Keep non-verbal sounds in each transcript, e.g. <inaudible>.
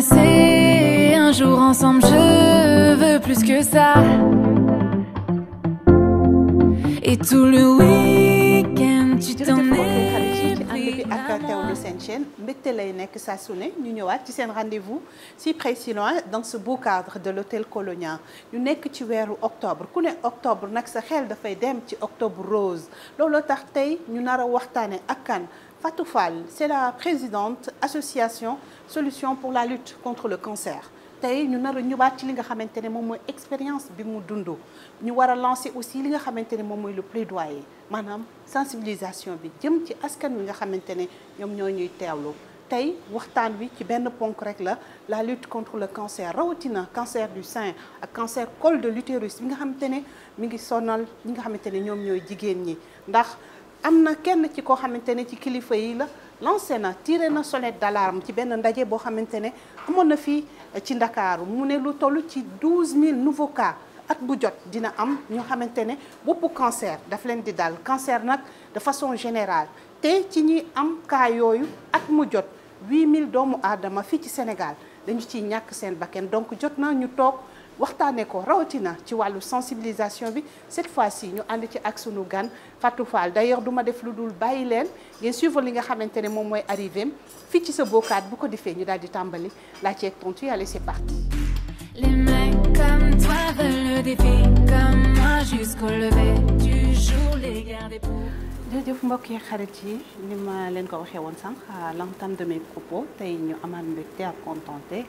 passer un jour ensemble, je veux plus que ça. Et tout le week-end, tu t'en es. ak teewlu seen chaîne mbégte lay nekk saa su ne ñu ñëwaat ci seen rendez-vous si près si loin dans ce beau cadre de l'hôtel Colonia ñu nekk ci weeru octobre ku ne octobre nag sa xel dafay dem ci octobre rose looloo tax tey ñu nar a waxtaane ak kan Fatou Fall c'est la présidente association solution pour la lutte contre le cancer tey ñu nar a ñëwaat ci li nga xamante ne moom mooy expérience bi mu dund ñu war a lancer aussi li nga xamante ne moom mooy le plaidoyer maanaam sensibilisation bi jëm ci askan wi nga xamante ne ñoom ñoo ñuy teewlu tey waxtaan wi ci benn ponk rek la la lutte contre le cancer rawatina cancer du sein ak cancer col de l'utérus bi nga xamante ne mi ngi sonnal ñi nga xamante ne ñoom ñooy jigéen ñi ndax. am na kenn ci koo xamante ne ci kilifa yi la lancé na tiire na sonnette d'alarme ci benn ndaje boo xamante ne amoon na fii ci Ndakaaru mu ne lu toll ci mille nouveaux cas at bu jot dina am ñu xamante ne boppu cancer daf leen di dal cancer nag de façon générale te ci ñi am cas yooyu at mu jot mille doomu aadama fii ci Sénégal dañu ciy ñàkk seen bakkan donc jot na ñu toog waxtaanee ko rawatina ci wàllu sensibilisation bi cette fois-ci ñu ànd ci ak sunu gan Fatou Fall duma def lu dul bàyyi leen ngeen suivre li nga xamante ne moom mooy arrivé fii ci sa bokkaat bu ko defee ñu daal di tàmbali laa ci tontu allez c'est parti. Les mecs mbokk yi xarit yi ni ma leen ko waxee woon sànq à de mes tey ñu amaat mbégte ak contenté.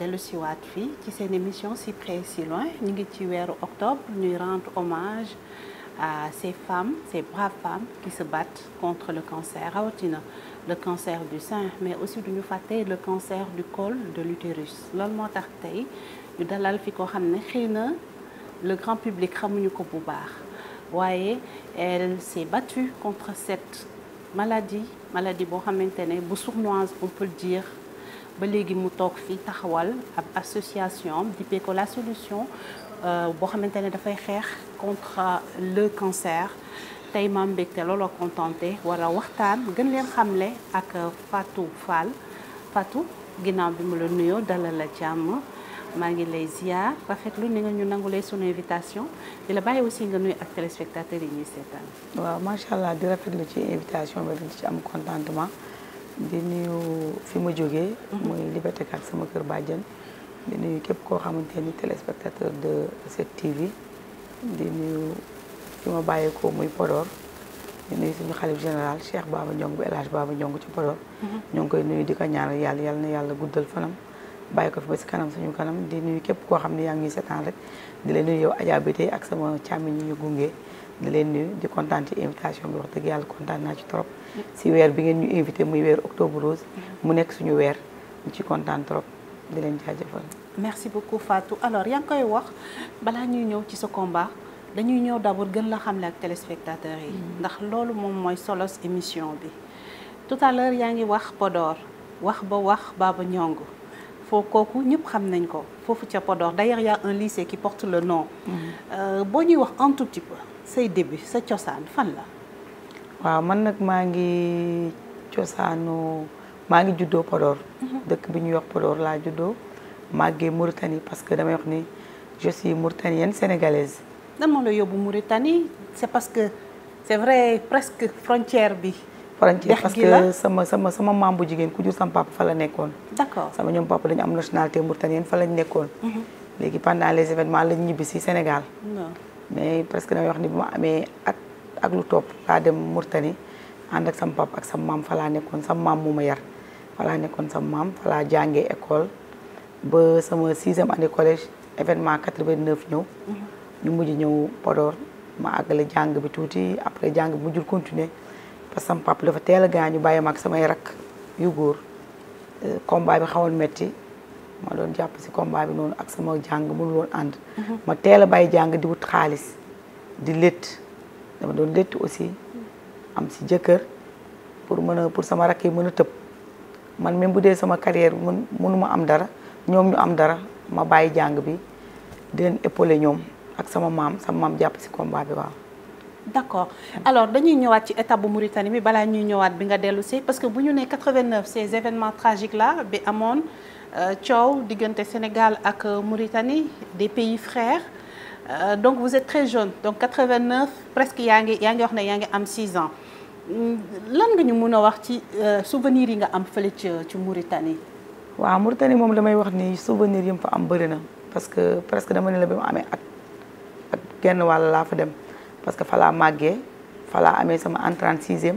dellu siwaat fii ci seen émission si près si loin ñu ngi ci weeru octobre ñuy rendre hommage à ces femmes ces braves femmes qui se battent contre le cancer rawatina le cancer du sein mais aussi duñu fàtte le cancer du col de l'utérus loolu moo tax tey ñu dalal fi ko xam ne xëy na le grand public xamuñu ko bu baax waaye elle s'est battue contre cette maladie maladie boo xamante ne bu sournoise on peut le dire ba léegi mu toog fii taxawal ab association dippee ko la solution euh, boo xamante ne dafay xeex contre le cancer tey ma mbégte looloo contenté wala waxtaan gën leen xamle ak Fatou Fall Fatou ginnaaw bi mu la nuyoo dalal la jàmm maa ngi lay ziar rafetlu ni nga ñu nangu nangulee sunu invitation di la bàyyi aussi nga nuyu ak téléspectateurs yi ñuy seetaan. waaw macha allah di rafetlu ci invitation bi di ci am contentement. di nuyu fi ma jógee. Mhm. muy Liberté 4 sama kër bàjjan di nuyu képp koo xamante ni téléspectateur de cette TV di nuyu fi ma bàyyeekoo muy Podor di nuyu suñu xalif général Cheikh Baba Ndiong bu El Hadj Baba Ndiong ci Podor. Mhm. ñoo ngi koy nuyu di ko ñaar yàlla yal na yàlla guddal fanam. bàyyi ko fi ba si kanam suñu kanam di nuyu képp koo xam ne yaa ngi seetaan rek di leen nuyu yow Adja Biteye ak sama càmmiñ ñu gunge di leen nuyu di kontaan ci invitation bi wax dëgg yàlla kontaan naa ci trop. si weer bi ngeen ñu invité muy weer octobre mu nekk suñu weer ñu ci kontaan trop di leen jaajëfal. merci beaucoup Fatou alors yaa ngi koy wax balaa ñuy ñëw ci sa combat dañuy ñëw d'abord gën la xamle ak téléspectateurs yi. Mm. ndax loolu moom mooy solos émission bi. tout à yaa ngi wax Podor wax ba wax Baba Ñongo foo kooku ñëpp xam nañ ko foofu ca Podor d'ailleurs il y a un lycée qui porte le nom. Mm. Euh, boo ñuy wax un tout petit say début sa cosaan fan la. waaw man nag maa ngi cosaanoo maa ngi juddoo Podor. Mhm. dëkk bi ñuy wax Podor laa juddoo màggee Mauritanie parce que damay wax ni je suis mauritanienne sénégalaise. nan moo la yóbbu Mauritanie c'est parce que c'est vrai presque frontière bi. frontière parce que sama sama sama maam bu jigéen ku jur sama papa fa la nekkoon. d'accord sama ñoom papa dañu am nationalité mauritanienne fa lañ nekkoon. Mhm. léegi pendant les événements lañ ñibbi Sénégal. mais presque damay wax ni bu ma amee ak. ak lu topp laa dem Murtani ànd ak sama pap ak sama maam falaa nekkoon sam maam moo ma yar fa laa nekkoon sama maam fa laa jàngee école ba sama sixième année collège événement 89 ñëw mhm. ñu mujj ñëw Podor ma àggale jàng bi tuuti après jàng bi mujjul continuer parce que sam pap dafa teel a gaañu bàyyi ma ak samay rak yu góor euh, combat bi xawoon metti ma doon jàpp si combat bi noonu ak sama jàng mënul woon ànd mhm. ma teel bàyyi jàng di wut xaalis dama doon léttu aussi am si jëkkër pour mën a pour sama rakk yi mën a tëb man même bu dee sama carrière mën mënuma am dara ñoom ñu am dara ma bàyyi jàng bi di leen épaulé ñoom ak sama maam sama maam jàpp si combat bi waaw. d'accord alors dañuy ñëwaat ci étape bu Mauritanie bi balaa ñuy ñëwaat bi nga dellu si parce que bu ñu nee 89 ces événements tragiques la bi amoon euh, coow diggante Sénégal ak Mauritanie des pays frères. Euh, donc vous êtes très jeune donc 89 presque yaa ngi yaa ngi wax ne yaa ngi am 6 ans mm, lan nga ñu mun a wax ci euh, souvenirs yi nga am fële ci ci Mauritanie. waaw Mauritanie moom damay wax ni souvenirs yi fa am bëri na parce que presque dama ne la bi mu amee ak ak genn wàll laa fa dem parce que falaa laa màggee fa amee sama en 36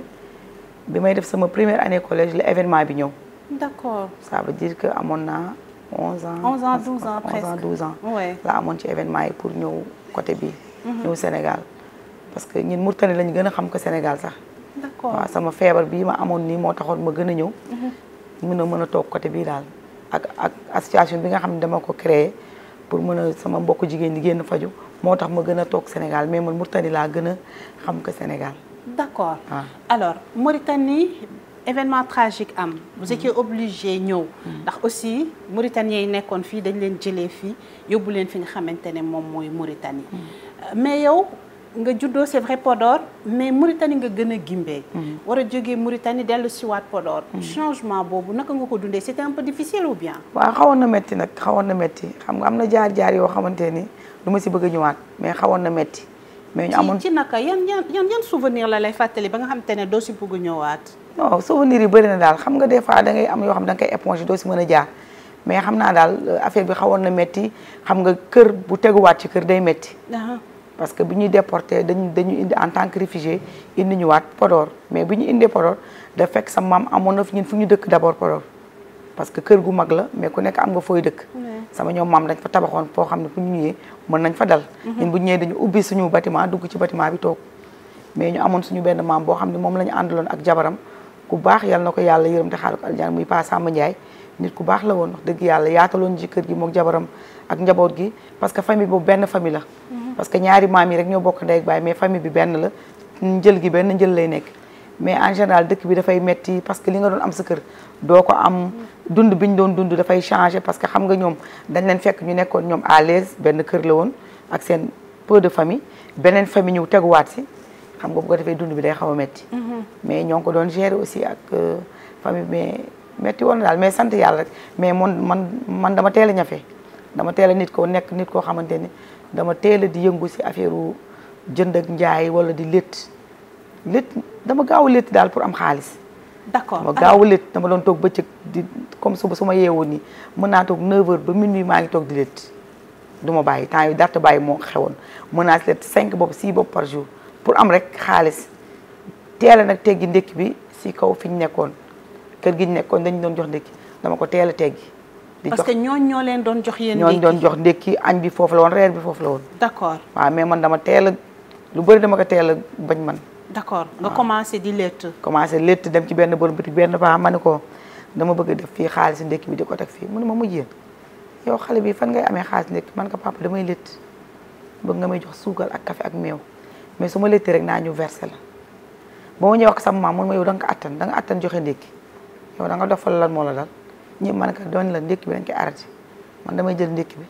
bi may def sama première année collège la événement bi ñëw. d'accord ça veut dire que amoon naa. 11 ans 11 ans 12 ans presque 11 laa amoon ci événement yi pour ñëw côté bi mhm. ñëw Sénégal parce que ñun Mourtani lañu gën a xam ko Sénégal sax. d'accord sama feebar bii ma amoon nii moo taxoon ma gën a ñëw. mun mhm. a mën a toog côté bii daal ak ak association bi nga xam ne dama ko créer pour mën a sama mbokku jigéen ñi génn faju moo tax ma gën a toog Sénégal mais man Mourtani laa gën a xam ko Sénégal. d'accord ah. alors Mauritanie événement tragique am vous mm-hmm. étiez obligé ñëw mm-hmm. ndax aussi Mauritaniens yi nekkoon fii dañ leen jëlee fii yóbbu leen fi nga xamante ne moom mooy Mauritanie mm-hmm. euh, mais yow nga juddoo c'est vrai Podor mais Mauritanie nga gën a gimbee war a jógee Mauritanie dellu siwaat Podor changement boobu naka nga ko dundee c'était un peu difficile ou bien waaw xawoon na metti nag xawoon na metti xam nga am na jaar-jaar yoo xamante ni du ma si bëgg ñëwaat mais xawoon na metti mais amoon ci naka yan yan yan yan souvenir la lay fàttali ba nga xamante ne doo si bëgg ñëwaat non souvenirs yi bëri na daal xam nga des fois da ngay am yoo xam da nga koy éponge doo si mën a jaar mais xam naa daal euh, affaire bi xawoon na métti xam nga kër bu teguwaat ci kër day métti parce que bu ñuy déporté dañu dañu indi en tant que réfugié indi ñu waat Podor mais bi ñu indee Podor da fekk sa maam amoon na fi ñun fu ñu dëkk d'abord Podor parce que kër gu mag la mais ku nekk am nga fooy dëkk sama ñoom maam dañ fa tabaxoon foo xam ne bu ñu ñëwee mën nañ fa dal mhm. ñun ñëwee dañu ubbi suñu bâtiment dugg ci bâtiment bi toog mais ñu amoon suñu benn maam boo xam ne moom la ñu àndaloon ak jabaram ku baax yal na ko yàlla yërëm te xaaral ko aljana muy Pa Samba Ndiaye nit ku baax la woon dëgg yàlla yaataloon ji gi mook jabaram ak njaboot gi parce que famille boo benn famille la mhm. parce que ñaari maam yi rek ñoo bokk ndey ak baay mais famille la njël gi benn njël lay nekk mais en général dëkk bi dafay metti parce que li nga doon am sa kër doo ko am mhm. dund bi ñu doon dund dafay changé parce que xam nga ñoom dañ leen fekk ñu nekkoon ñoom à l'aise benn kër la woon ak seen peu de famille beneen famille ñëw teguwaat si xam nga bu ko defee dund bi day xaw a metti mhm. mais ñoo ngi ko doon gérer aussi ak euh, famille mais metti woon daal mais sant yàlla rek mais man man man dama teel a ñafe dama teel a nit koo nekk nit koo xamante ni dama teel di yëngu si affaire jënd ak njaay wala di létt létt dama gaaw a daal pour am xaalis. d'accord dama gaaw a létt dama doon toog bëccëg di comme suba su ma yeewoon nii mën naa toog 9h ba minuit maa ngi toog di létt du ma bàyyi temps yu dara bàyyi moo xewoon mën naa si létt 5 bopp 6 par jour. pour am rek xaalis teel nag teggi ndékki bi si kaw fi ñu nekkoon kër gi nekkoon dañ doon jox ndékki dama ko teel a teggi. di jox parce ñoo leen doon jox yéen ndékki doon jox ndékki añ bi foofu la reer bi foofu la woon. d'accord waaw mais man dama teel a lu bëri dama ko teel a bañ man. d'accord nga commencé di létt. commencé létt dem ci benn borom bitik benn baax ma ne ko dama bëgg def fii xaalis ndékki bi di ko teg fii mu ne ma mujjee yow xale bi fan ngay amee xaalis ndékki man ko papa damay létt bëgg nga may jox suukar ak kafe ak meew mais su ma léttee rek naa ñu verse la boo ma ñëw wax sama maam mun ma yow da nga ko attan joxe ndékki yow da nga dofal lan moo la dal ñëpp man ko doon la ndékki bi dañ koy arrêté man damay jël ndékki bi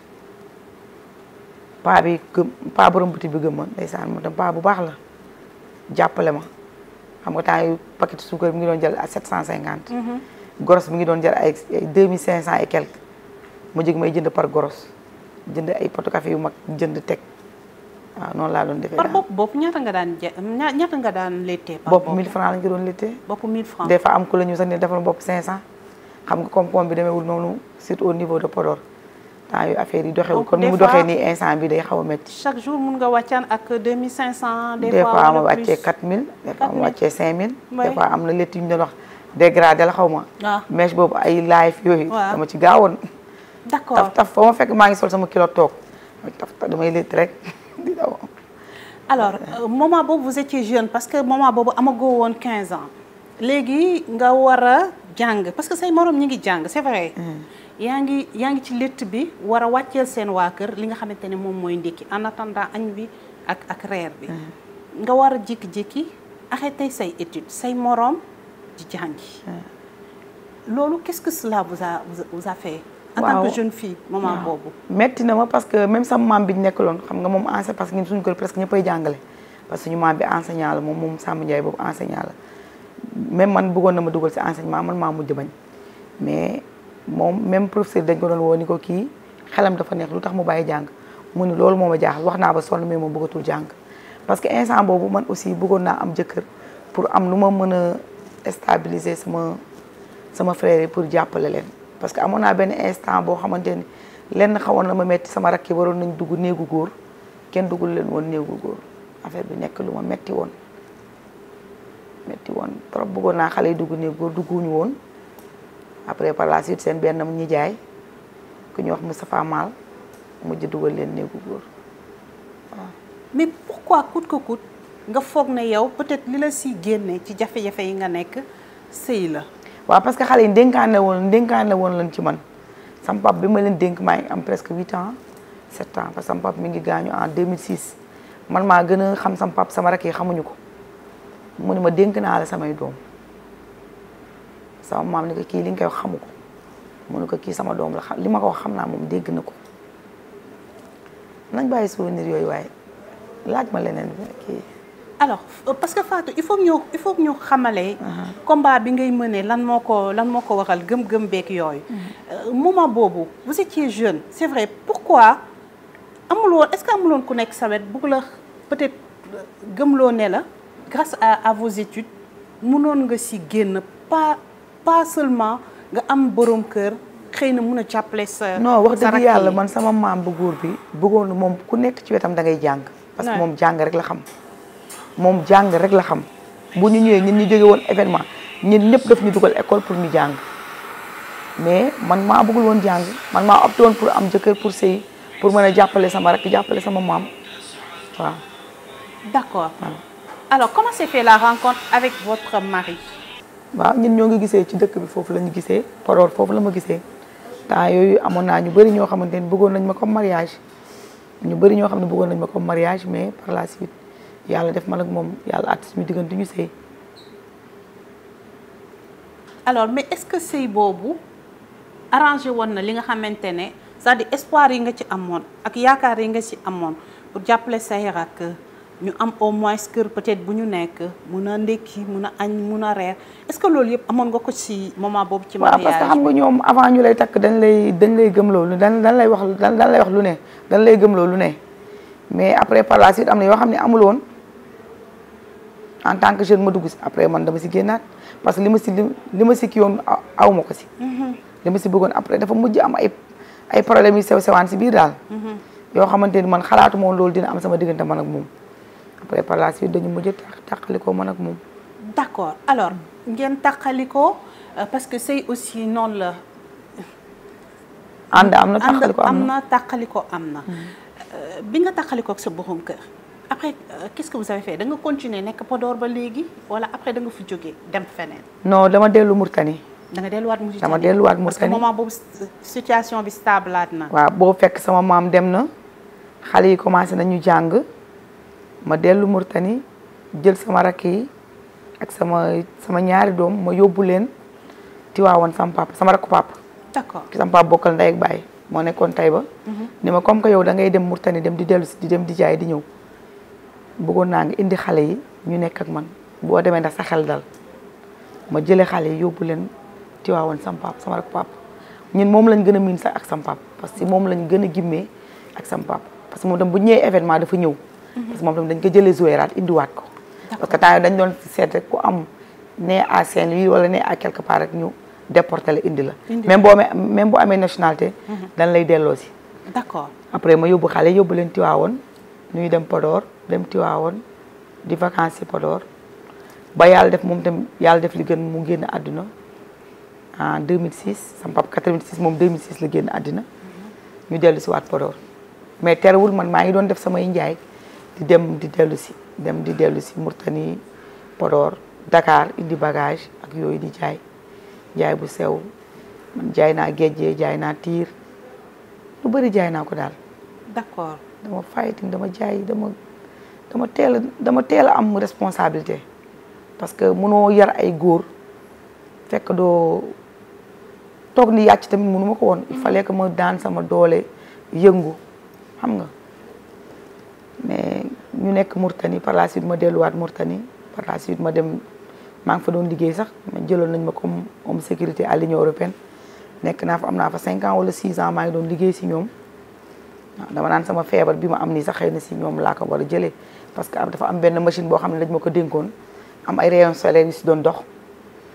paa bi gëm paa borom buti bi gëm ma saan ma tam paa bu baax la jàppale ma xam nga temps yu paquet suukar bi ngi doon jël à 750. Mm-hmm. goros bi ngi doon jël ay ay 2500 et quelque mu jóg may jënd par goros jënd ay poto café yu mag jënd teg. waaw ah, noonu laa doon defee bopp ñaata nga daan je ñaata nga daan léttee. bopp 1000 francs lañ ko doon léttee. bopp 1000 francs des fois am ku la ñu sax ne defal bopp 500. xam nga comme pomme bi demeewul noonu surtout au niveau de Podor. Oh, comme nii instant bi xaw a métti. chaque jour mun nga wàccaan ak 2500. des fois wala plus des fois ma wàccee 4000. 4000 des fois ma wàccee 5000. mooy des la xaw ma. waaw ah. boobu ay live yooyu. dama ci gaawoon. d'accord taf taf foo ma fekk maa ngi sol sama kilo toog taf taf damay létt rek di <laughs> daw alors euh, moment boobu vous étiez jeune parce que moment boobu amagoo woon 15 ans léegi nga war a jàng parce que say moroom ñi ngi jàng c'est vrai. Mm. yaa ngi yaa ngi ci létt bi war a wàcceel seen waa kër li nga xamante ne moom mooy ndékki en attendant añ bi ak ak reer bi. Mm. nga war a jékki-jékki tey say études say morom di jàngi. Mm. loolu qu'est-ce que cela vous a vous a fait. jeune fille moment boobu. metti na ma parce que même sama maam bi ñu nekkaloon xam nga moom enseignant parce que ñun suñu kër presque ñëppay jàngale parce que suñu maam bi enseignant la moom moom Samba Ndiaye boobu enseignant la même man bëggoon na ma dugal si enseignement man maa mujj bañ mais moom même professeur dañ ko doon woo ni ko kii xelam dafa neex tax mu bàyyi jàng mu ne loolu moo ma jaaxal wax naa ba sonn mais moom bëggatul jàng parce que instant boobu man aussi bëggoon naa am jëkkër pour am lu ma mën a stabiliser sama sama frère yi pour jàppale leen. parce que amoon naa benn instant boo xamante ni lenn xawoon na ma metti sama rakk yi waroon nañ dugg néegu góor kenn duggul leen woon néegu góor affaire bi nekk lu ma metti woon metti woon trop bëggoon naa xale yi dugg néegu góor dugguñu woon après par la suite seen benn ñi jaay ku ñu wax Moustapha Mal mujj dugal leen néegu góor waaw mais pourquoi coûte que coûte nga foog na yow peut-être li la siy génnee ci jafe-jafe yi nga nekk sëy la waaw parce que xale yi dénkaan la woon dénkaan la woon lan ci man sam pap bi ma leen dénk maa ngi am presque huit ans sept ans parce que sam pap mi ngi gaañu en 2006 man maa gën a xam sam pap sama rek yi xamuñu ko mu ma dénk naa la samay doom sama maam ni ko kii li nga koy xamu ko mu ko kii sama doom la xam li ma ko wax xam naa moom dégg na ko nañ bàyyi souvenir yooyu waaye laaj ma leneen kii alors euh, parce que Fatou il faut ñu il faut ñu xamalee. Uh-huh. combat bi ngay mënee lan moo ko lan moo ko waxal gëm-gëm beeg yooyu. Uh-huh. Euh, moment boobu vous étiez jeune c'est vrai pourquoi amul woon est-ce que amul ku nekk sa wet bugg la peut-être euh, gëmloo ne la grâce à à vos études mënoon nga si génn pas pas seulement nga am boroom kër. xëy na mun a jàppale sa non wax dëgg yàlla man sama maam bu góor bi bëggoon moom ku nekk ci wetam da ngay jàng. parce que moom jàng rek la xam. moom jàng rek la xam bu ñu ñëwee ñun ñu jóge woon événement ñun ñëpp daf ñu dugal école pour ñu jàng mais man maa bëggul woon jàng man maa opté woon pour am jëkkër pour sëy pour mën a jàppale sama rek jàppale sama maam waaw. d'accord alors comment s'est fait la rencontre avec votre mari. waaw ñun ñoo ngi gisee ci dëkk bi foofu la ñu gisee Podor foofu la ma gisee temps yooyu amoon naa ñu bëri ñoo xamante ne bëggoon nañ ma comme mariage ñu bëri ñoo xam ne bëggoon nañ ma comme mariage mais par la suite. yàlla def ma ak moom yàlla àtt suñu diggante ñu sëy alors mais est-ce que sëy boobu arrangé woon na li nga xamante ne c'est-à-dire espoir yi nga ci amoon ak yaakaar yi nga ci amoon pour jàppale say rakk ñu am au moins kër peut-être bu ñu nekk mun a ndékki mun a añ mun a reer est que loolu yëpp amoon nga ko ci moment boobu. ci mariage parce que xam nga ñoom avant ñu lay takk dañ lay dañ lay gëm loolu dañ dañ lay wax dañ lay wax lu ne dañ lay gëm loolu ne mais après par la suite am na yoo xam ne amul en tant que jeune ma dugg si après man dama si génnaat parce que li ma si li ma si kii woon aw si. Mhm. li ma si bëggoon après dafa mujj am ay ay yu sew sewaan si biir daal. Mhm. yoo xamante ni man xalaatu moom loolu dina am sama diggante man ak moom après par la suite dañu mujj tàqalikoo man ak moom. d'accord alors ngeen tàqalikoo euh, parce que sëy aussi noonu la. ànd am na tàqalikoo am na ànd am na mhm. euh, bi nga tàqalikoo ak sa borom kër. après euh, qu'est-ce que vous avez fait da nga continuer nekk Podor ba léegi wala après da nga fi jógee dem feneen. non dama dellu Mourtani. da nga delluwaat Mourtani dama delluwaat Mourtani parce que moment boobu situation bi stablaat na. waaw boo fekk sama maam dem na xale yi commencé nañu jàng ma dellu Mourtani jël sama rakk yi ak sama sama ñaari doom ma yóbbu leen Tiwaawoon sama papa sama rakku papa. d'accord ki sama papa bokkal ndey ak baay moo nekkoon tay ba. Mhm. ni ma comme que yow da ngay dem Mourtani dem di dellu si di dem di jaay di ñëw. bëggoon naa nga indi xale yi ñu nekk ak man boo demee ndax sa xel dal ma jëlee xale yi yóbbu leen Tiwaawoon sam pap sama rek pap ñun moom lañ gën a miin sax ak sam pap parce que moom lañ gën a gimmee ak sam pap que moom tam bu ñëwee événement dafa ñëw mhm. parce moom tam dañ ko jëlee jouéraat indiwaat ko parce que temps dañ doon seet rek ku am ne à Saint-Louis wala ne à quelque part rek ñu déporté la indi la même boo amee même boo amee nationalité mhm. dañ lay delloo si d'accord après ma yóbbu xale yóbbu leen Tiwaawoon ñuy dem podoor dem Tiwaawoon di vacances ci Podor ba yàlla def moom tam yàlla def li gën mu génn àdduna en 2006 sama papa 86 moom 2006 la génn àddina ñu dellu si waat Podor mais terewul man maa ngi doon def samay njaay di dem di dellu si dem di dellu si Murtani podoor Dakar indi bagage ak yooyu di jaay jaay bu sew jaay naa géejee jaay naa tiir lu bëri jaay naa ko daal dama fighting dama jaay dama dama teel a dama teel a am responsabilité parce que mënoo yar ay góor fekk doo toog ni yàcc tamit mënu ma ko woon il mm. fallait que ma daan sama doole yëngu xam nga mais ñu nekk Mourtani par la suite ma delluwaat Mourtani par la suite ma dem maa ngi fa doon liggéey sax ma jëloon nañ ma comme homme sécurité à l'Union européenne nekk naa fa am naa fa cinq ans wala six ans maa ngi doon liggéey si ñoom dama naan sama feebar bi ma am ni sax xëy na si ñoom laa ko war a jëlee parce que dafa am benn machine boo xam ne dañ ma ko dénkoon am ay rayon solaire yu si doon dox.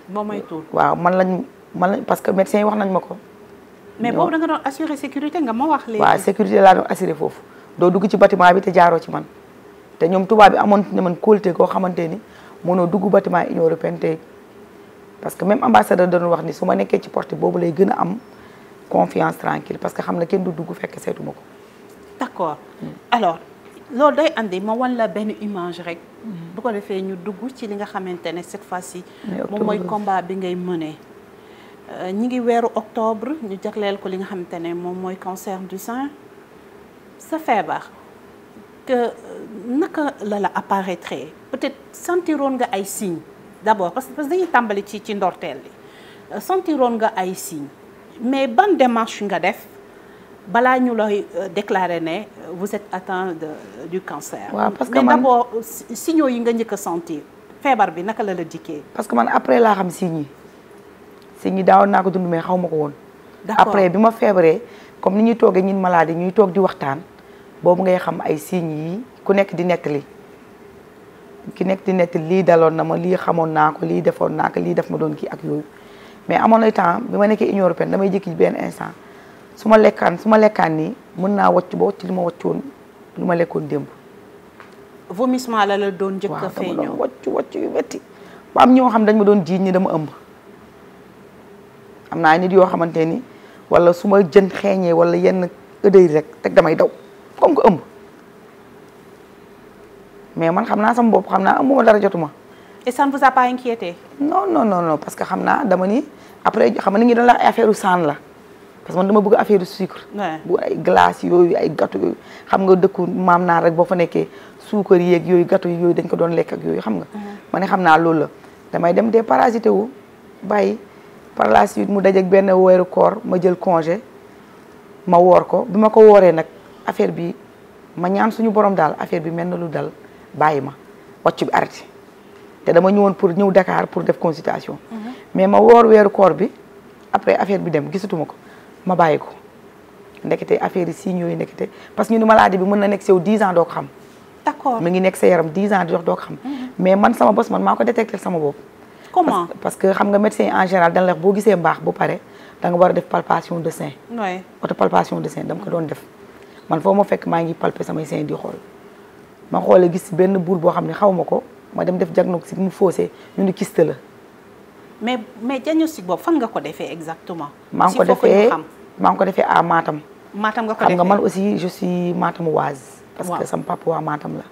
boo may waaw man lañ man lañ parce que médecin yi wax nañ ma ko. mais boobu da nga doon assurer sécurité nga ma wax léegi. waaw sécurité laa doon foofu doo dugg ci bâtiment bi te jaaroo ci man te ñoom tubaab bi amoon na man kóolute koo xamante ni mënoo dugg bâtiment Union européenne tey parce que même ambassadeur doon wax ni su ma nekkee ci porte boobu lay gën am confiance tranquille parce que xam na kenn du dugg fekk seetuma ko. d'accord alors loolu day andi ma wan benn image rek. bu ko defee ñu dugg ci li nga xamante ne cette fois yi moom mooy combat bi ngay mënee. Euh, ñi ngi weeru octobre ñu jagleel ko li nga xamante ne moom mooy cancer du sein sa feebar. que euh, naka la la apparaître peut-être sentiroon nga ay signes d'abord parce que dañuy tàmbali ci ci ndorteel li euh, sentiroon nga ay signes mais ban démarche nga def. balaa ñu lay euh, déclarer ne euh, vous êtes atteint de, euh, du cancer. waaw parce que man mais yi nga njëkk a sentir feebar bi naka la la dikkee. parce que man après laa xam signes yi signes yi daawoon naa ko dund mais xaw ma ko woon. d'accord après bi ma feebaree comme ni ñuy toogee ñun malade ñuy toog di waxtaan boobu ngay xam ay signes yi ku nekk di nettali ki nekk di nettali lii daloon na ma lii xamoon naa ko lii defoon naa ko lii def ma doon kii ak yooyu mais amoon na temps bi ma damay jékki benn instant. su ma lekkaan su ma lekkaan nii mën naa wàcc boo wàcc li ma wàccoon li ma lekkoon démb. vomissement la la doon njëkk a feeñoo waaw dama doon wàcc wàcc yu métti. ba am ñoo xam dañ ma doon jiiñ ni dama ëmb. am naa nit yoo xamante ni wala su jën xeeñee wala yenn ëdëy rek teg damay daw comme que ëmb. mais man xam naa sama boob xam naa ëmbuma dara jotuma. et ça ne vous a pas inquiété. non non non non que xam naa dama ni après xam nga ni ñu doon la affaire u saan la. parce que man dama bëgg affaire sucre. bu ay glace yooyu ay gâteau yooyu xam nga dëkku maam naa rek boo fa nekkee suukar yeeg yooyu gâteau yooyu dañ ko doon lekk ak yooyu xam nga. Mhm. ma ne xam naa loolu la damay dem des parasité wu bàyyi par la suite mu dajeeg benn weeru koor ma jël congé ma woor ko bi ma ko wooree nag affaire bi ma ñaan suñu borom daal affaire bi mel na lu dal bàyyi ma wàcc bi arrêté te dama ñëwoon pour ñëw dakaar pour def consultation. Mhm. mais ma woor weeru koor bi après affaire bi dem gisatuma ko. ma bàyyi ko ndekete affaire yi signaux yi ndekete parce que ñu ni maladie bi mën na nekk si yow 10 ans doo ko xam. d' ngi nekk sa yaram 10 ans di dox doo ko xam. Mhm. mais man sama bos man maa ko détecté sama bopp. comment parce que xam nga médecin en général dañ la wax boo gisee mbaax bu pare da nga war a def palpation de sein. oui auto palpation de sein dama ko doon def. man foo ma fekk maa ngi palpe samay sein di xool ma xoole gis benn boule boo xam ne xaw ma ko ma dem def diagnostic mu faussé ñu ni kyste la. mais mais diagnostic boobu fan nga ko defee exactement. maa ngi ko defee maa ngi ko defee à Matam. Matam nga ko defee xam nga man aussi je maatam Matamoise. parce que sama papa waa Matam la.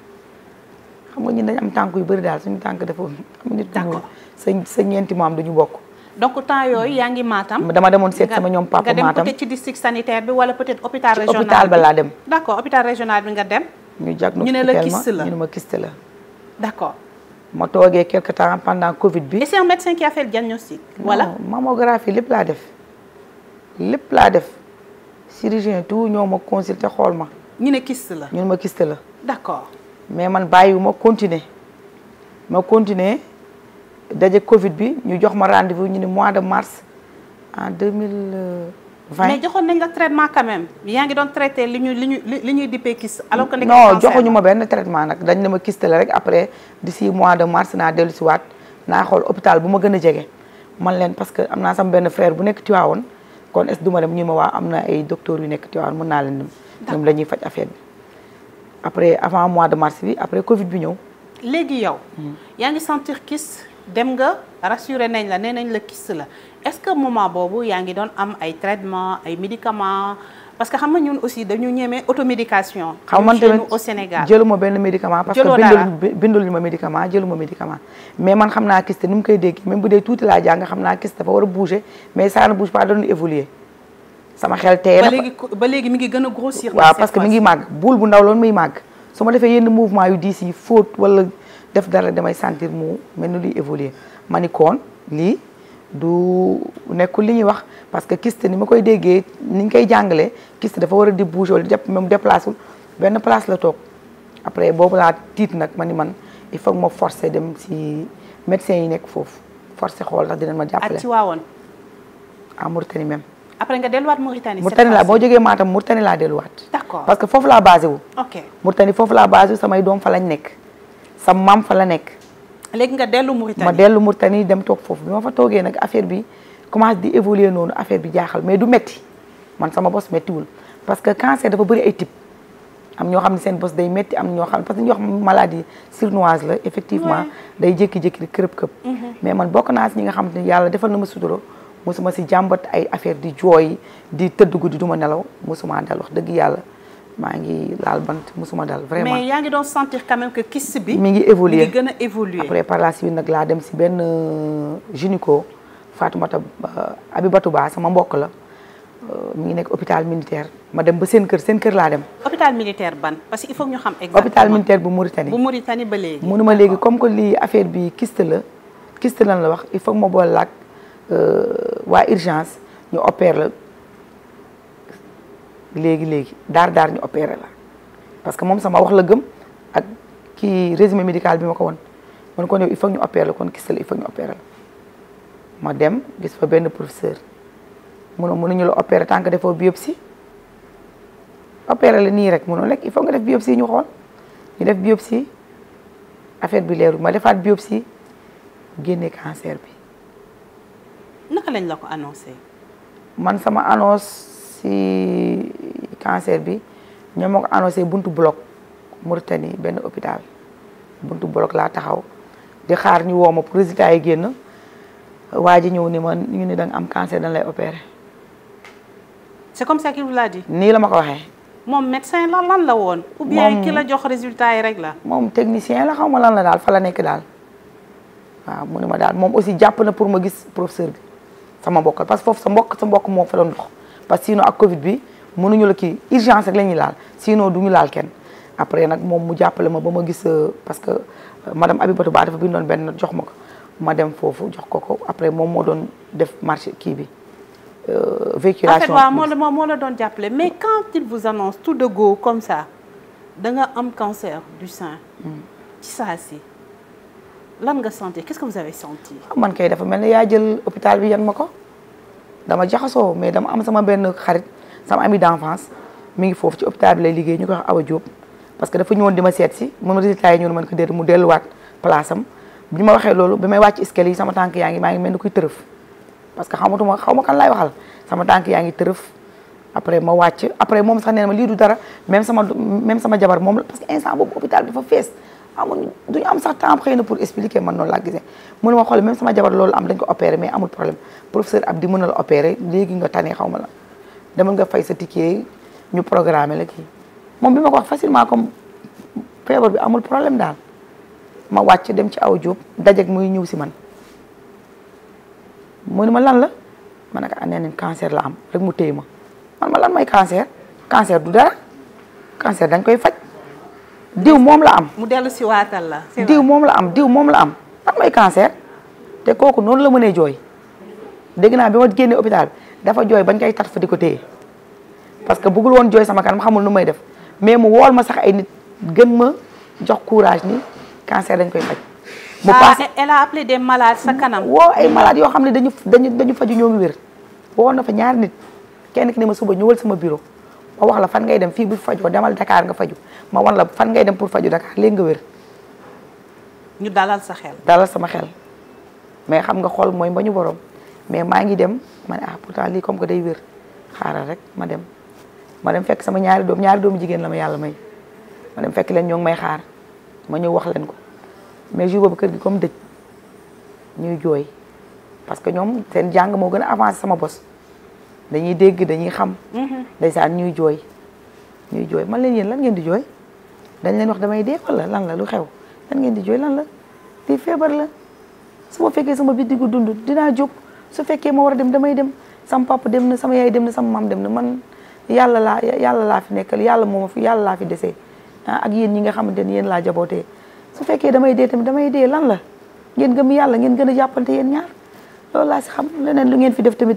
xam nga ñun dañu am tànk yu bari daal suñu tànk dafa am nit ku ñuul sa sa ñeenti maam duñu bokk. donc temps yooyu yaa ngi Matam. dama demoon seet sama ñoom papa Matam ci district sanitaire bi wala peut-être hôpital régional bi hôpital ba laa dem. d'accord hôpital régional bi nga dem. ñu jag ñu la kyste ñu ne ma kyste ma toogee quelque temps pendant Covid bi. et c'est un médecin qui a fait le lépp laa def lépp laa def chirurgien tout ñoo ma consulter xool ma. ñu ne kist la ñu ne ma kyste la. d'accord mais man bàyyiwuma continuer ma continuer daje Covid bi ñu jox ma rendez ñu ne mois de mars en deux mille. Euh, mais joxoon nañ la traitement quand yaa ngi doon traité li ñuy li ñuy ñuy dippee kyste alors que non joxuñu ma benn traitement nag dañ ne ma kyste la rek après d'ici mois de mars naa dellu si waat naa xool hôpital bu ma gën a jege man leen parce que am naa sama benn frère bu nekk Tivaouane kon est-ce que duma dem ñu ma waa am na ay docteurs yu nekk Tivaouane mën naa leen dem ñoom la ñuy faj affaire bi après avant mois de mars bi après covid bi ñëw léegi yow hmm. yaa ngi sentir kyste dem nga rassuré nañ la nee nañ la kyste la est-ce que moment boobu yaa ngi doon am ay traitement ay médicaments parce que xam nga ñun aussi dañu ñemee automédication. xaw man tamit au Sénégal jëluma benn médicament. parce que bindul ñu ma médicament jëluma médicament. mais man xam naa kyste ni mu koy déggee même bu dee tuuti laa jàng xam naa kyste dafa war a bouger mais ça ne bouge doon évoluer. sama xel tey ba léegi ba léegi mi ngi gën a grossir. waaw parce que mi ngi màgg boule bu ndaw loolu muy màgg su ma defee yenn mouvement yu diis fóot wala. def dara damay sentir mu mel ni luy évoluer ma ni koon lii du nekkul li ñuy wax parce que kyste ni ma koy déggee ni ñu koy jàngalee kyste dafa war a di bouger wala jàpp même déplacé benn place la toog après boobu laa tiit nag ma ni man il faut ma forcer dem si médecin yi nekk foofu forcer xool ndax dinañ ma jàppale. ak ci waawoon. ah Mauritanie même. après nga delluwaat Mauritanie. Mauritanie laa boo jógee Matam Mauritanie laa delluwaat. parce que foofu laa basé wu. foofu laa basé samay doom fa lañ nekk. sama maam fa la nekk. léegi nga dellu Mauritanie ma dellu Mauritanie dem toog foofu bi ma fa toogee nag affaire bi commence di évoluer noonu affaire bi jaaxal mais du metti man sama bos méttiwul parce que cancer dafa bëri ay type am ñoo xam ne seen bos day metti am ñoo xam parce que ñoo xam maladie sournoise la effectivement day jékki-jékki di kërëb këb mhm. mais man bokk naa si ñi nga xam ni yàlla defal na ma sudoro mosuma si jàmbat ay affaire di jooy di tëdd guddi du ma nelaw mosuma dal wax dëgg yàlla maa ngi laal bant suma dal vraiment. mais yaa ngi doon sentir quand même que bi. mi ngi évoluer gën a évoluer. après par la suite nag laa dem si benn euh, gynéco Fatoumata euh, Abibatou Ba sama mbokk la euh, mu ngi nekk hôpital militaire ma dem ba seen kër seen kër laa dem. hôpital militaire ban parce que il faut ñu xam exactement. hôpital militaire bu Mauritanie bu Mauritanie ba léegi. mënuma léegi comme que lii affaire bi kyste la kist lan la wax il faut ma boole laag waa urgence ñu opère la. léegi léegi daar daar ñu opéré la parce que moom sama wax la gëm ak kii résumé médical bi ma ko woon man kon yow il faut ñu opéré la kon gis la il faut ñu opéré la dem gis fa benn professeur munoo mënuñu la opéré tant que defoo biopsie opéré la nii rek munoo nekk il faut nga def biopsie ñu xool ñu def biopsie affaire bi leeru ma defaat biopsie génne cancer bi. naka lañ la ko annoncé. man sama annonce. si cancer bi ñoom ma ko annoncé buntu bloc Mauritanie benn hôpital buntu bloc laa taxaw di xaar ñu woo ma pour résultat yi génn waa ji ñëw ni ma ñu ni da am cancer dañ lay opérer. c'est comme ça qu'il vous l'a dit. nii la ma ko waxee. moom médecin la lan la woon. ou ki la jox résultat yi rek la. moom technicien la xaw ma lan la daal fa la nekk daal waaw mu ne ma daal moom aussi jàpp na pour ma gis professeur bi sama mbokk parce que foofu sa mbokk sa mbokk moo fa doon parce que sinon ak Covid bi mënuñu la ki urgence rek la ñuy laal sinon du ñu laal kenn après nag moom mu jàppale ma ba ma gis parce que euh, madame Abibatou Ba dafa bindoon benn jox ma ko ma dem foofu jox ko ko après moom moo doon def marché kii bi. Euh, véhiculation en fait waaw moo la moo la doon jàppale mais quand il vous annonce tout de go comme ça da nga am cancer du sein. Hmm. ci saa si lan nga sentir qu'est-ce que vous avez senti. Ah, man kay def mel ne yaa jël hôpital bi yan ma ko. dama jaxasoo mais dama am sama benn xarit sama ami d'enfance mi ngi foofu ci hôpital bi lay liggéey ñu koy wax Awa Diop parce que dafa ñëwoon di ma seet si moom résultat yi ñëwoon man ko déet mu delluwaat place bi ma waxee loolu bi may wàcc escalier yi sama tànk yaa ngi maa ngi mel ni kuy tërëf parce que xamatuma xaw ma kan laay waxal sama tànk yaa ngi tërëf après ma wàcc après moom sax nee ma lii du dara même sama même sama jabar moom la parce que instant boobu hôpital dafa fees amuñu ñu am sax temps xëy na pour expliquer man noonu laa gisee mënu ma xool même sama jabar loolu am dañ ko opéré mais amul problème professeur Abdi mën na la opéré léegi nga tane xaw ma la demal nga fay sa ticket ñu programme la kii moom bi ma ko wax facilement comme feebar bi amul problème daal ma wàcc dem ci aw jub dajeg muy ñëw si man mu ma lan la ma ne ko ah nee nañ cancer la am rek mu téye ma man ma lan mooy cancer cancer du dara cancer dañ koy faj diw moom la am. mu dellu si waatal la. diw moom la am diw moom la am lan mooy cancer te kooku noonu la mënee jooy dégg naa ba ma génnee hôpital dafa jooy bañ koy tat fa di ko téye parce que bëggul woon jooy sama kanam xamul nu may def mais mu wool ma sax ay nit gën ma jox courage ni cancer dañ koy faj. mu ah, paase elle a appelé des woo ay malades yoo xam ne dañu dañu dañu faju ñoo ngi wér woon na fa ñaari nit kenn ki ne ma suba ñëwal sama bureau. ma wax la fan ngay dem fii bu fajoo demal dakaar nga faju ma wan la fan ngay dem pour faju Dakar léegi nga wér. ñu dalal sa xel. dalal sama xel mais xam nga xol mooy ñu borom mais maa ngi dem ma ne ah pourtant lii comme que day wér xaaral rek ma dem ma dem fekk sama ñaari doom ñaari doomu jigéen la ma yàlla may ma dem fekk leen ñoom may xaar ma ñëw wax leen ko mais jour boobu kër gi comme dëj ñuy jooy parce que ñoom seen jàng moo gën a avancé sama bos. dañuy dégg dañuy xam. Mm-hmm. ndeysaan ñuy jooy ñuy jooy man leen yéen lan ngeen di jooy dañ leen wax damay dee wala lan la lu xew lan ngeen di jooy lan la di feebar la su ma fekkee sama biddigu dund dinaa jóg su fekkee ma war a dem damay dem sama papa dem na sama yaay dem na sama maam dem na man yàlla laa yàlla laa fi nekkal yàlla moo ma fi yàlla laa fi desee ah, ak yéen ñi nga xamante ne yéen laa jabootee su fekkee damay dee tamit damay dee lan la ngeen gëm yàlla ngeen gën a jàppante yéen ñaar loolu laa si xam leneen lu ngeen fi def tamit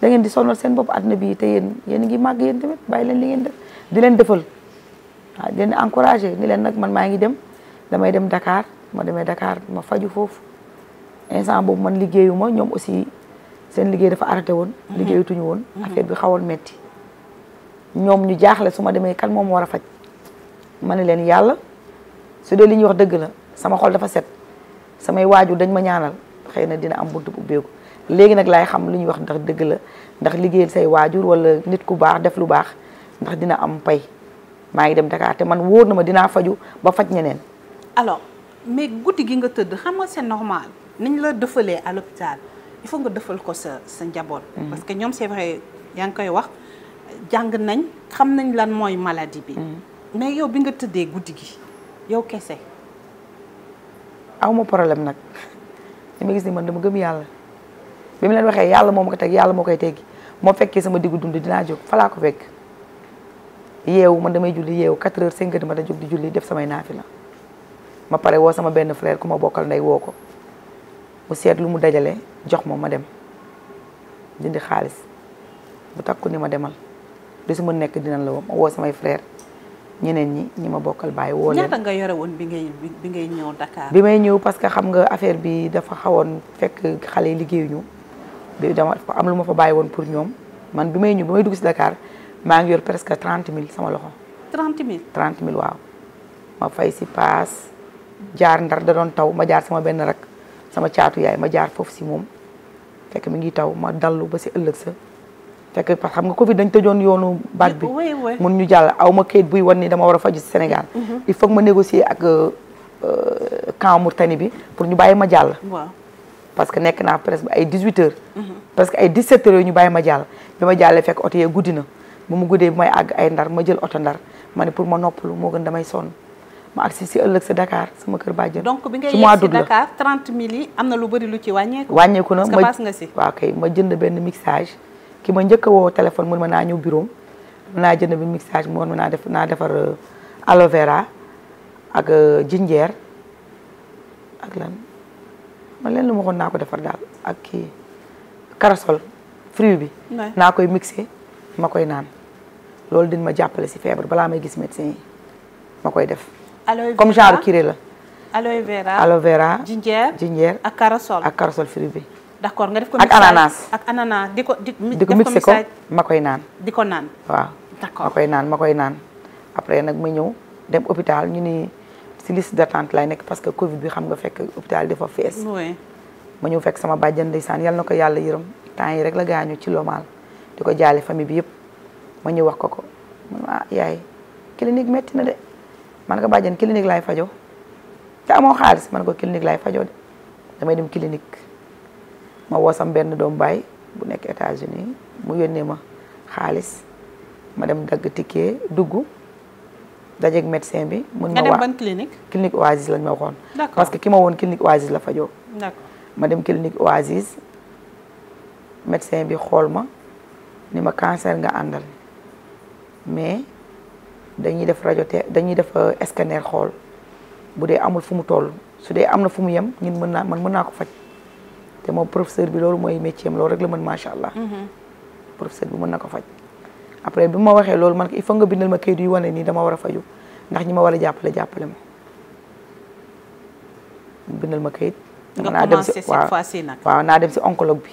da ngeen di sonal seen bopp àdduna bi te yéen yéen ngi màgg yéen tamit bàyyi leen li ngeen def di leen defal waaw di leen encouragé leen nag man maa ngi dem damay dem dakaar ma demee dakaar ma faju foofu instant boobu man liggéeyu ma ñoom aussi seen liggéey dafa arrêté woon mhm. liggéeyatuñu woon mhm. affaire bi xawoon metti ñoom ñu jaaxle su ma demee kan moom war a faj ma ne leen yàlla su dee li ñuy wax dëgg la sama xol dafa set samay waajur dañ ma ñaanal xëy na dina am buntu bu ubbeeku léegi nag laay xam lu ñuy wax ndax dëgg la ndax liggéeyal say waajur wala nit ku baax def lu baax ndax dina am pay maa ngi dem Dakar te man wóor na ma dinaa faju ba faj ñeneen. alors mais guddi gi nga tëdd xam nga c'est normal niñ la dëfalee à il faut nga dëfal ko sa sa njaboot. Mhm. parce que ñoom c'est vrai yaa ngi koy wax jàng nañ xam nañ lan mooy maladie bi. Mhm. mais yow bi nga tëddee guddi gi yow kese. aw ma problème nag li <laughs> ma gis ni man dama gëm yàlla. bi mu leen waxee yàlla moo ma ko teg yàlla moo koy teggi moo fekkee sama diggu dund dinaa jóg falaa ko fekk yeewu man damay julli yeewu 4 heures 5 heures ma da jóg di julli def samay naafi la ma pare woo sama benn frère ku ma bokkal ndey woo ko mu seet lu mu dajale jox ma ma dem dindi xaalis bu takku ni ma demal du su ma nekk dinañ la woo ma woo samay frère ñeneen ñi ñi ma bokkal bàyyi woo leen. ñaata nga yore woon bi ngay bi ngay ñëw Dakar. bi may ñëw parce que xam nga affaire bi dafa xawoon fekk xale yi liggéeyuñu. am lu ma fa bàyyi woon pour ñoom man bi may ñëw bi may dugg si Dakar maa ngi yor presque trente mille sama loxo. trente mille trente mille waaw. ma fay si paas jaar ndar da doon taw ma jaar sama benn rak sama caatu yaay ma jaar foofu si moom fekk mi ngi taw ma dallu ba si ëllëg sa. fekk parce xam nga Covid dañ tëjoon yoonu baat bi mun ñu jàll aw ma kayit buy wan ni dama war a faju si Sénégal mhm. il faut ma négocier ak euh, euh, camp Mauritanie bi pour ñu bàyyi ma jàll parce que nekk naa presque ay 18 heures. parce que ay 17 heures yooyu ñu bàyyi ma jàll. bi ma jàllee fekk oto yee guddi na bu mu guddee bi may àgg ay ndar ma jël oto ndar ma ne pour ma noppalu moo gën damay sonn ma agsi si ëllëg sa Dakar sama kër bàjjen. donc bi nga yegg si Dakar 30 000 yi am na lu bëri lu ci wàññeeku. wàññeeku na ma parce nga si. waaw ma jënd benn mixage ki ma njëkk woo téléphone mën ma naa ñëw bureau mën naa jënd benn mixage mën ma naa defar euh, aloe vera ak euh, leen lu ma waxoon naa ko defar daal ak kii karasol fruit naa koy mixé ma koy naan loolu din ma jàppale si feebar balaa may gis médecin yi ma koy def comme genre curé la aloe vera aloe vera jinjeer jinjeer ak karasol ak karasol fruit bi d'accord nga def ko ak ananas ak ananas di ko di ko mixé ma koy naan di ko naan waaw d'accord ma koy naan ma koy naan après nag ma ñëw dem hôpital ñu ni si liste d'attente laay nekk parce que Covid bi xam nga fekk hôpital dafa fees. ma ñëw fekk sama bàjjan saan yal na ko yàlla yërëm temps yi rek la gaañu ci lomaal di ko jaale famille bi yëpp ma ñëw wax ko ko man ah, yaay clinique métti na de man ko bàjjan clinique laay fajoo te amoo xaalis man ko clinique laay fajoo de damay dem clinique ma woo sam benn doom baay bu nekk États-Unis mu yónnee ma xaalis ma dem dagg ticket dugg. dajeeg médecin bi. mën na waa nga dem ban clinique. clinique Oasis que ki ma woon clinique Oasis la fa jóg. ma dem clinique Oasis médecin bi xool ma ni ma cancer nga àndal mais dañuy def rajo te dañuy def euh, scanner xool bu dee amul fu mu toll su dee am na fu mu yem ñun mën naa man mën naa ko faj te moom professeur bi loolu mooy métier am loolu rek la macha allah. Mm-hmm. professeur bi mën na ko faj. après bi ma waxee loolu man il faut nga bindal ma kayit yu wane nii dama war a fayu ndax ñi ma war a jàppale jàppale ma bindal ma kayit. nga commencé cette fois ci nag waaw naa dem si oncologue bi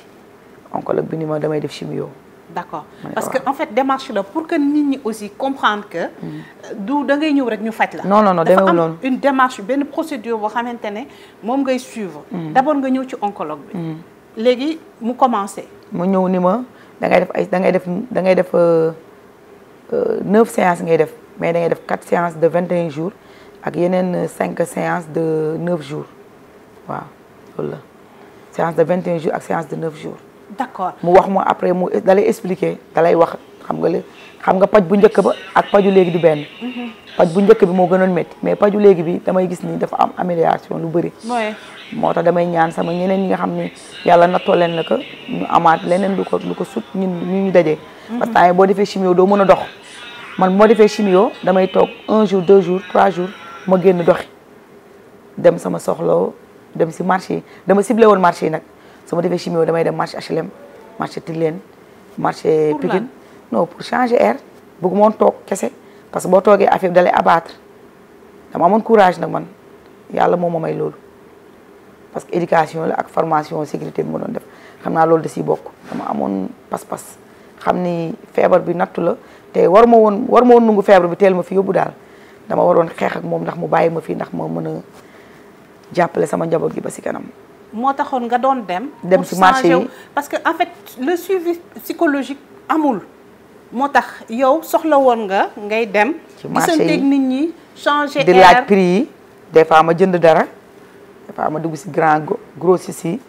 oncologue bi ni ma damay def chimio. d'accord parce que en fait démarche la pour que nit ñi aussi comprendre que. Mm. du dangay ñëw rek ñu faj la. non non non demeewul noonu dafa une démarche benn procédure boo xamante ne moom ngay suivre. Mm. d'abord nga ñëw ci oncologue mm. léegi mu commencé. mu ñëw ni ma. da ngay def ay da ngay def da ngay def euh, euh, neuf séances ngay def mais da ngay def quatre séances de vingt et un jours ak yeneen cinq séances de neuf jours waaw loolu la séance de vingt et un jours ak séance de neuf jours. mu wax ma après mu dalay expliquer dalay wax xam nga li xam nga paj bu njëkk ba ak paju léegi du benn paj bu njëkk bi moo gënoon métti mais paju léegi bi damay gis ni dafa am amélioration lu bëri moo tax damay ñaan sama ñeneen ñi nga xam ne yàlla nattoo leen la ko ñu amaat leneen lu ko lu ko sut ñun ñu ñu dajee mhm. parce que boo defee chimio doo mën a dox man moo defee chimio damay toog un jour deux jours trois jours ma génn doxi dem sama soxla dem si marché yi dama ciblé woon marché yi nag su ma defee chimio damay dem marché HLM marché Tilène marché Pikine non pour changer air bëggu moon toog kese parce que boo toogee affaire dalay abattre dama amoon courage nag man yàlla moom ma may loolu parce que éducation la ak formation sécurité bi ma doon def xam naa loolu da si bokk dama amoon pas-pas xam ni feebar bi nattu la te war ma woon war ma woon nungu feebar bi teel ma fi yóbbu daal dama waroon xeex ak moom ndax mu bàyyi ma fii ndax ma mën a jàppale sama njaboot gi ba si kanam moo taxoon nga doon dem dem si marché yi parce que en fait amul moo tax yow soxla woon nga ngay dem. ci marché nit ñi changer di laaj prix yi des fois ma jënd dara des ma dugg si grand grossiste yi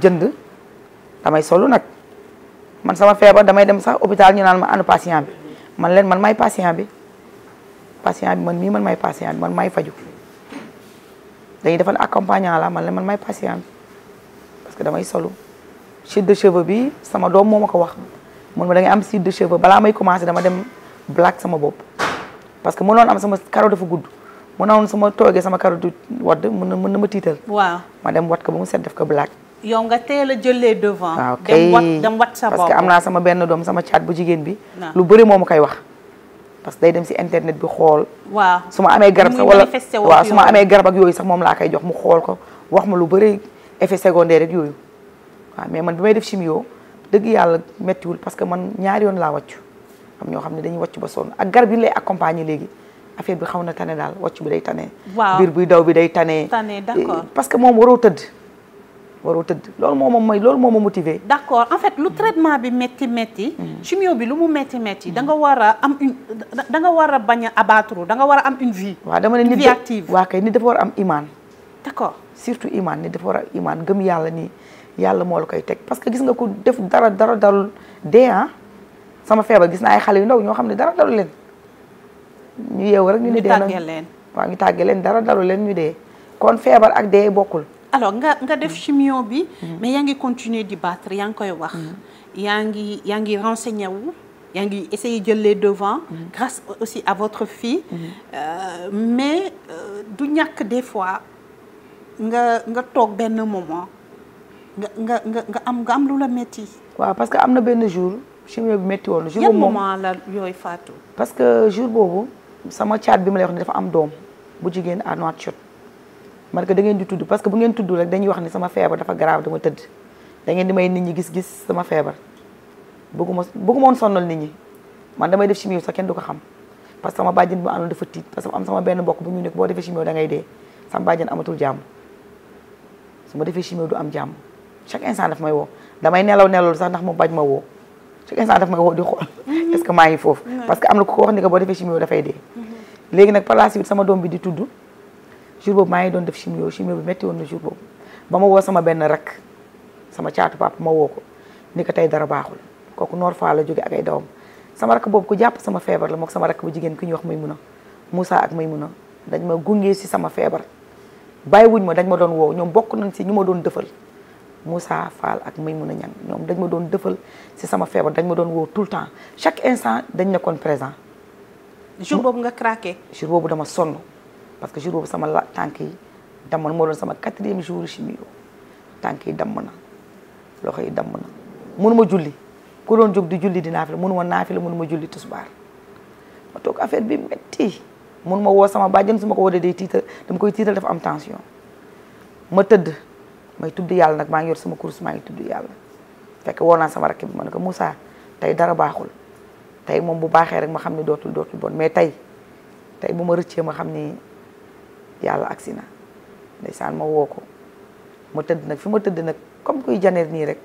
jënd damay solu nag man sama feebar damay dem sax hôpital ñu naan ma ànd patient bi man leen man may patient bi patient bi man mii man may patient bi man may faju dañuy defal accompagnant la man leen man may patient bi parce que damay solu chute de cheveux bi sama doom moo ma wax. mun ma da ngay am sud de cheveux balaa may commencé dama dem black sama bopp parce que mënoon am sama karaw fu gudd mënoon sama toogee sama karaw du wadd mën na mën na ma tiital waaw ma dem wat ko ba mu def ko black yow nga teel a jëlee devant waaw ah, kay dem wat sa bopp parce que am naa sama benn doom sama caat bu jigéen bi ah. lu bëri moom mu koy wax parce que day dem si internet bi xool waaw su ma amee garab wala waaw su amee garab ak yooyu sax moom laa koy jox mu xool ko wax ma lu bëri effet secondaire rek yooyu waaw mais man bi may def chimio dëgg yàlla méttiwul parce que man ñaari yoon laa wàccu am ñoo xam ne dañuy wàcc ba sonn a garab yi lay accompagner léegi affaire bi xaw na tane daal wàcc bi day tane. waaw biir buy daw bi day tane. tane d'accord eh, parce que moom waroo tëdd. waroo tëdd loolu moo ma may loolu moom ma motiver d'accord en fait lu traitement bi métti métti. Mm-hmm. chimio bi lu mu métti métti da nga war a am une da war a bañ a da nga war a am une vie. dama ne nit vie active. waa kay nit dafa war a am imaan. d'accord surtout imaan nit dafa war a imaan gëm yàlla nii. yàlla moo la koy teg parce que gis nga ko def dara dara darul dee ah sama feebar gis naa ay xale yu ndaw ñoo xam ne dara darul leen ñu yeewu rek ñu ne dee leen waa ñu tàggee leen dara darul leen ñu dee kon feebar ak dee bokkul alors nga nga def mm. chimio bi mm. mais yaa ngi continuer di battre yaa ngi koy wax mm. yaa ngi yaa ngi renseigné wu yaa ngi essayer jël les devants grâce aussi à votre fille euh, mais euh, du ñàkk des fois nga nga toog benn moment nga nga nga nga am nga am lu la métti. waaw parce que am na benn jour chimio bi métti woon. jour boobu moment la yooyu faatu. parce que jour boobu sama caat bi ma lay wax ne dafa am doom bu jigéen à Nouakchott man que da ngeen di tudd parce que bu ngeen tudd rek dañuy wax ni sama feebar dafa grave dama tëdd da ngeen di may nit ñi gis-gis sama feebar bëgguma bëgguma woon sonnal nit ñi man damay def chimio sax kenn du ko xam parce que sama bàjjen bi ma àndoon dafa tiit parce que am sama benn mbokk bu ñu nekk boo defee chimio da ngay dee sama bàjjen amatul jàmm su ma defee chimio du am jàmm. chaque instant def may woo damay nelaw nelaw sax ndax mu bañ ma woo chaque instant daf may woo di xool mhm. est que maa ngi foofu parce que am na ku ko wax ni que boo defee chimio dafay dee mhm. léegi nag par la sama doom bi di tudd jour boobu maa ngi doon def chimio chimio bi métti woon na jour boobu ba ma woo sama benn rak sama caatu pap ma woo ko ni ko tey dara baaxul kooku noor faa la jóge ak ay dawam sama rakk boobu ku jàpp sama feebar la mook sama rak bu jigéen ku ñuy wax Maymuna Moussa ak Maymuna dañ ma gungee si sama feebar bàyyi wuñ ma dañ ma doon woow ñoom bokk nañ si ñu ma doon dëfal Moussa Fall ak mun a Niang ñoom dañ ma doon dëfal si sama feebar dañ ma doon woo tout le temps chaque instant dañ nekkoon présent. jour boobu nga craqué. jour boobu dama sonn parce que jur boobu sama la tànk yi damm na moo doon sama quatrième jour chimio tànk yi damm na loxo yi damm na mënuma julli ku doon jóg di julli di naafila mënuma naafila mënuma julli tisbaar ma toog affaire bi metti ma woo sama bàjjen su ma ko wootee day tiital dama koy tiital dafa am tention ma tëdd. may tudd yàlla nag maa ngi yor sama course maa ngi tudd yàlla fekk woo naa sama rakk bi ma ne ko Moussa tey dara baaxul tey moom bu baaxee rek ma xam ne dootul dootul bon mais tey tey bu ma rëccee ma xam ni yàlla agsi na ndeysaan ma woo ko ma tëdd nag fi ma tëdd nag comme kuy janeer nii rek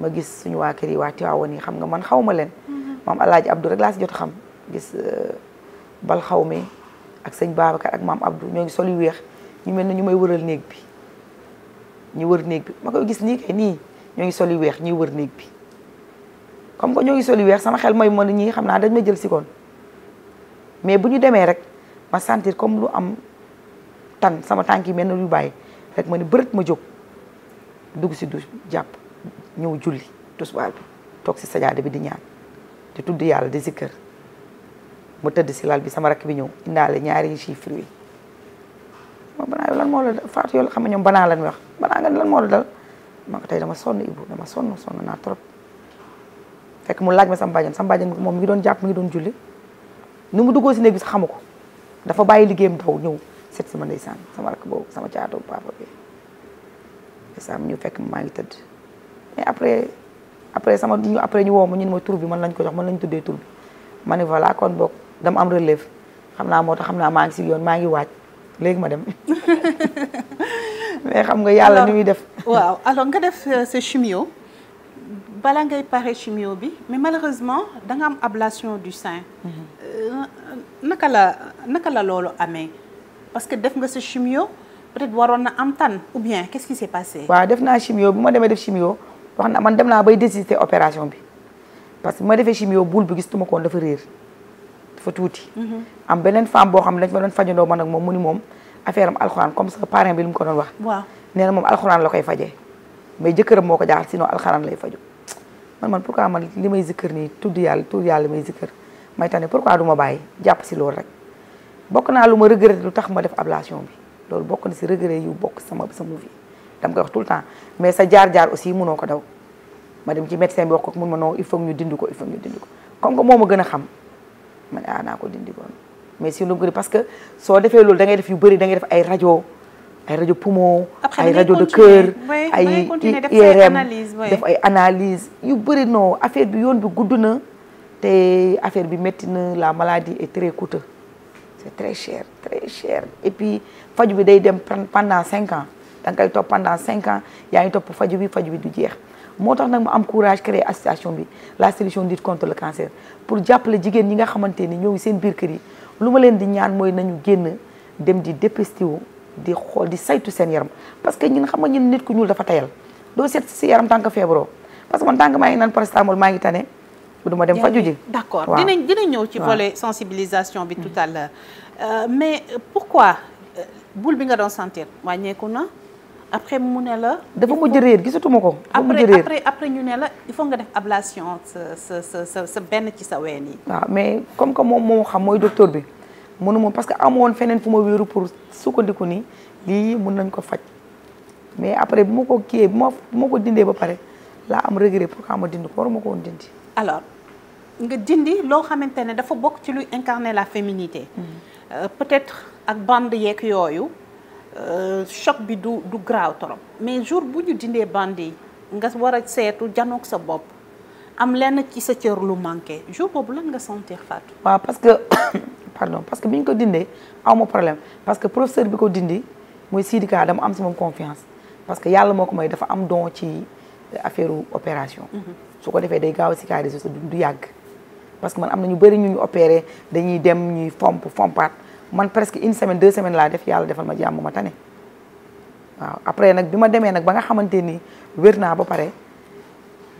ma gis suñu waa kër yi waa Tiwaawan yi xam nga man xaw ma leen mm-hmm. maam Alaaji Abdou rek laa si jot xam gis euh, bal xaw mi ak sëñ Babacar ak maam Abdou ñoo ngi sol yu weex ñu mel ne ñu may wëral néeg bi ñu wër néeg bi ma koy gis nii kay nii ñoo ngi sol yu weex ñii wër néeg bi comme que ñoo ngi sol yu weex sama xel mooy mën ñii xam naa dañ ma jël si koon mais bu ñu demee rek ma sentir comme lu am tan sama tànk yi mel na lu bàyyi rek ma ni bërët ma jóg dugg si du jàpp ñëw julli tusbaar bi toog si sajaada bi di ñaan di tudd yàlla di kër ma tëdd si lal bi sama rakk bi ñëw indaale ñaari chiffre ma banaa lan moo la faatu yow xam nga ñoom banaa lañ wax banaa nga lan moo la dal ma tey dama sonn Ibou dama sonn sonn naa trop fekk mu laaj ma sama bàjjen sama bàjjen moom mi ngi doon jàpp mi ngi doon julli nu mu duggoo si néeg bi sax xamu ko dafa bàyyi liggéeyam daw ñëw seet sama ndeysaan sama rakk boobu sama caatoo papa bi ndeysaan ñu fekk maa ngi tëdd mais après après sama ñu après ñu woo ma ñun ma tur bi man lañ ko jox man lañ tuddee tur bi ma ne voilà kon boog dama am relève xam naa moo tax xam naa maa ngi si yoon maa ngi waaj léegi ma dem <laughs> mais xam nga yàlla ni muy def. waaw alors nga def sa euh, chimio bala ngay pare chimio bi mais malheureusement da nga am ablation du sein. Euh, naka la naka la loolu amee parce que def nga sa chimio peut-être waroon na am tan ou bien qu'est-ce qui s'est passé. waaw def naa chimio bu ma demee def chimio wax na man dem naa bay désister opération bi parce que bu ma defee chimio boule bi gisatuma ko woon dafa réer. dafa tuuti. am beneen femme boo xam ne dañ fa doon fajandoo moom mu ni moom affaire alxuraan comme ça parrain bi lu mu ko doon wax. waaw nee moom alxuraan la koy fajee mais jëkkëram moo ko jaaxal li may zikkër nii tudd yàlla tudd yàlla may zikkër may tane pourquoi du ma bàyyi jàpp si loolu rek bokk naa lu ma regretté lu tax ma def ablation bi loolu bokk na si regret yu bokk sama sama vie dama koy wax tout le temps mais sa jaar-jaar aussi mënoo ko daw ma dem ci médecin bi wax ko mun ma non il faut ñu dindi ko il faut ñu dindi ko comme que moo ma a xam ma ne ah dindi kon mais si lu bëri parce que soo defee loolu da def yu bëri da def ay rajo ay rajo poumon ay rajo de cœur ay IRM def ay analyse yu bëri noo affaire bi yoon bi gudd na te affaire bi métti na la maladie est très coûteux c'est très cher très cher et puis faju bi day dem pendant cinq ans da nga koy topp pendant cinq ans yaa ngi topp faju bi faju bi du jeex moo tax nag mu am courage créer association bi la solution lutte contre le cancer pour jàppale jigéen ñi nga xamante ni ñoo ngi seen biir kër yi lu ma leen di ñaan mooy nañu génn dem di dépisté wu di xool di saytu seen yaram parce que ñun xam nga ñun nit ku ñuul dafa tayal doo seet si yaram tant que feebaroo parce que man tant que maa ngi naan paracétamol maa ngi tane du ma dem faju ji d'accord dinañ dinañ ñëw ci volet sensibilisation bi mm-hmm. tout à l'heure euh, mais pourquoi euh, boule bi nga doon sentir wàññeeku na après mu ne la. dafa mujj réer gisatuma ko. dafa mu réer après ñu ne la il faut nga def ablation sa sa sa sa benn ci sa ween yi. waaw mais comme que moom moo xam mooy docteur bi mënu ma parce que amoon feneen fu ma wéeru pour sukkandiku ni lii mën nañ ko faj mais après bu ma ko kiiyee bu ma bu ma ko dindee ba pare laa am regret pour que a dindi ko waruma ko woon dindi. alors nga dindi loo xamante ne dafa bokk ci luy incarner la féminité. Mm. Euh, peut-être ak band yeek yooyu. Euh, choc bi du du graaw torop mais jour bu ñu dindee band yi nga war a seetu janoog sa bopp am lenn ci sa cër lu manqué jour boobu lan nga sentir Fatou. waaw parce que <coughs> pardon parce que bi ñu ko dindee aw ma problème parce que professeur bi ko dindi mooy syndicat dama am sama confiance parce que yàlla moo ko may dafa am don ci affaire opération. Mhm. su ko defee day gaaw a cicatrice du yàgg. parce que man am na ñu bëri ñu ñu opéré dañuy dem ñuy fomp fompaat. man presque une semaine deux semaines laa def yàlla defal ma jàmm ma tane waaw après nag bi ma demee nag ba nga xamante ni wér naa ba pare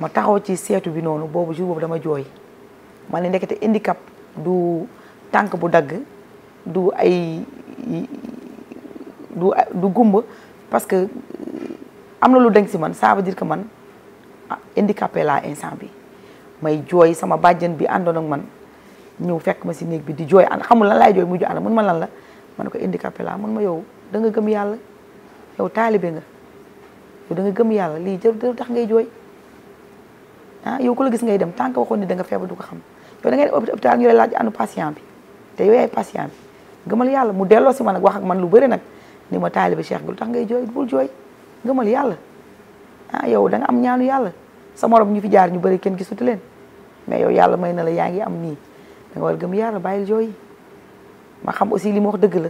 ma taxaw ci seetu bi noonu boobu jour boobu dama jooy ma ne ndekete handicap du tànk bu dagg du ay du du gumba parce que am na lu denc si man ça veut dire que man ah, handicapé laa instant bi may jooy sama bàjjen bi àndoon ak man ñëw fekk ma si néeg bi di jooy an xamul lan laay jooy mujj ana mun ma lan la man ne ko handicapé laa mun ma yow da nga gëm yàlla yow taalibe nga yow da nga gëm yàlla lii jër tax ngay jooy ah yow la gis ngay dem tant waxoon ni da nga feebar ko xam yow da ngay dem hôpital ñu lay laaj anu patient bi te yow yaay bi gëmal yàlla mu delloo si ma nag wax ak man lu bëri nag ni ma taalibe cheikh bi lu tax ngay jooy bul jooy gëmal yàlla ah yow da am ñaanu yàlla sa morom ñu fi jaar ñu bëri kenn gisutu leen mais yow yàlla may na la yaa ngi am nii da nga war a gëm yàlla ma xam aussi li ma wax dëgg la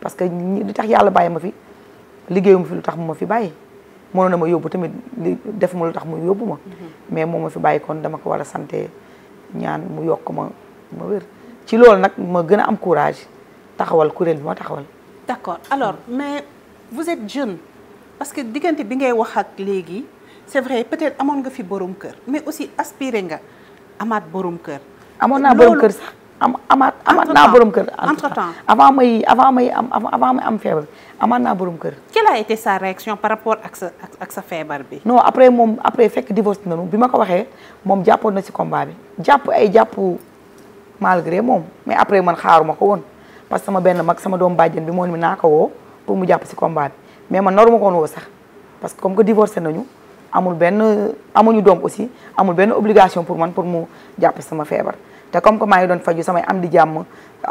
parce que li tax yàlla bàyyi ma fi liggéeyuma fi lu tax mu ma fi bàyyi mënoon na ma yóbbu tamit li def ma lu tax mu yóbbu ma mm-hmm. mais moo ma fi bàyyi kon dama ko war a sante ñaan mu yokk ma ma wér ci loolu nag ma gën a am courage taxawal kuréel bi ma taxawal d'accord alors mais vous êtes jeune parce que diggante bi ngay wax ak léegi c'est vrai peut-être amoon nga fi borom kër mais aussi aspiré nga amaat borom kër amoon naa borom kër sax am amaat amaat naa borom kër. entre temps avant may avant may am avant may am feebar amaat naa borom kër. quelle a été sa par rapport ak sa ak sa feebar bi. non après moom après fekk divorce nañu bi ma ko waxee moom jàppoon na si combat bi jàpp ay jàpp malgré moom mais après man xaaruma ko woon parce que sama benn mag sama doom bàjjen bi moom ni naa ko woo pour mu jàpp si combat mais man naruma ko woon woo sax parce que comme que divorcé nañu. amul benn amuñu doom aussi amul benn obligation pour man pour mu jàpp sama feebar te comme que maa ngi doon faju samay am di jàmm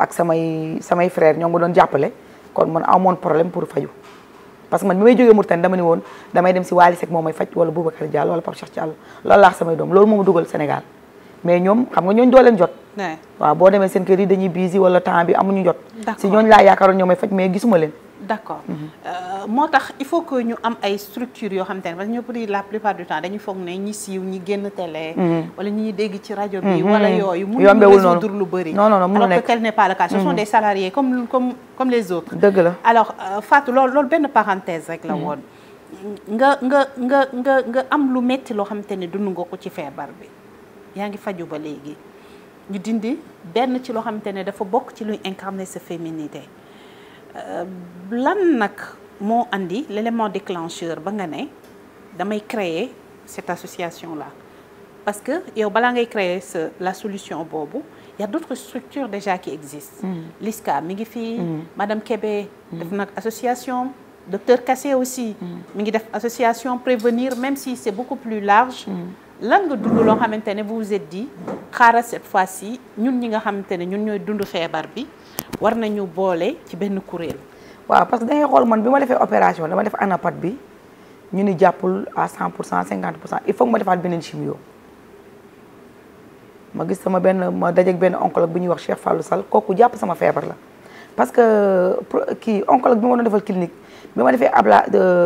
ak samay samay frère ñoo ngi doon jàppale kon man amoon problème pour faju parce que man bi may jógee Mourtane dama ni moo may wala Boubacar Diallo wala Pape Cheikh Diallo loolu laax samay doom loolu moo ma dugal Sénégal boo demee seen kër yi dañuy wala temps bi amuñu jot si ñooñu laa yaakaaroon ñoo may faj mais gisuma leen d' accord mhm. euh, moo tax il faut que ñu am ay structures yoo xamante ne parce que ñu bëri la plupart du temps dañu foog ne ñi siiw ñi génn télé. Mhm. wala ñi dégg ci rajo bi. Mhm. wala yooyu mënuñu résoudre lu bëri. non non non mënu nekk alors que tel n' est pas le cas. la alors euh, Fatou loolu benn parenthèse rek la woon. nga nga nga nga nga am lu metti loo xamante ne dund nga ko ci feebar bi yaa ngi faju ba léegi ñu dindi benn ci loo xamante ne dafa bokk ci luy incarner sa féminité. lan nag moo andi l'élément déclencheur ba nga ne damay créer cette association la parce que yow balaa ngay créer sa la solution boobu y a d'autres structures déjà qui existent mm. LISCA mi ngi fii mm. Madame kebe mm. def nag association docteur Kassé aussi mi ngi def association prévenir même si c'est beaucoup plus large lan nga dund loo xamante ne vous vous êtes dit xaaral cette fois si ñun ñi nga xamante ne ñun ñooy dund xeebar bi war nañu boole ci benn kuréel. waaw parce que da xool man bi ma defee opération dama def anapat bi ñu ni jàppul à 100 pour cent 50 pour cent il faut ma defaat beneen chimio ma gis sama benn ma dajeeg benn oncologue bu ñuy wax Cheikh Fallou sal kooku jàpp sama feebar la. parce que kii oncologue bi ma doon defal clinique bi ma defee abla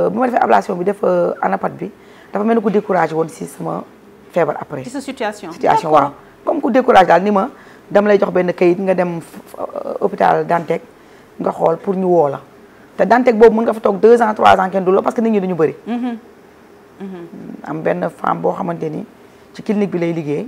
bi ma defee ablation bi def euh, anapat bi dafa mel ni ku découragé woon si sama feebar après. ci sa situation situation waaw comme ku découragé daal ni ma. dama lay jox benn kayit nga dem euh, hôpital Dantec nga xool pour ñu woo la te Dantec boobu mën nga fa toog deux ans trois ans kenn du parce que nit ñi dañu bëri. Mm-hmm. Mm-hmm. am benn femme boo xamante ni ci clinique bi lay liggéey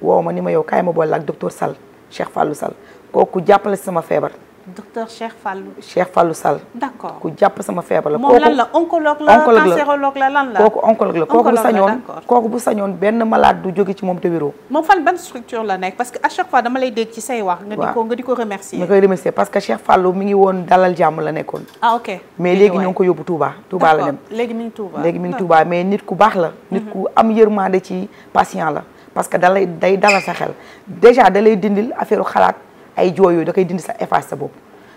woow ma ni ma yow kaay ma boole ak docteur Sall Cheikh Fallou Sall kooku jàppale sama feebar. docteur Cheikh Fallou. Cheikh Fallou Sall. d'accord ku jàpp sama feebar la. kooku lan la oncologue la cancérologue la lan la. kooku oncologue la kooku bu sañoon kooku bu sañoon benn malade du jóge ci moom te moom fan ban structure la nekk parce que à chaque fois dama lay dégg ci say wax. nga di ko nga di ko remercier. nga koy remercier parce que Cheikh Fallou mi ngi woon dalal jàmm la nekkoon. Ah, mais léegi ñoo ngi ko yóbbu Touba. Touba la dem léegi mi ngi Touba léegi ah. mais nit ku baax la. nit mhm. ku am yërmande ci patient la parce que dalay day dalal sa xel déjà dalay dindil affaire xalaat ay jooy yooyu da koy dindi sa efface sa bopp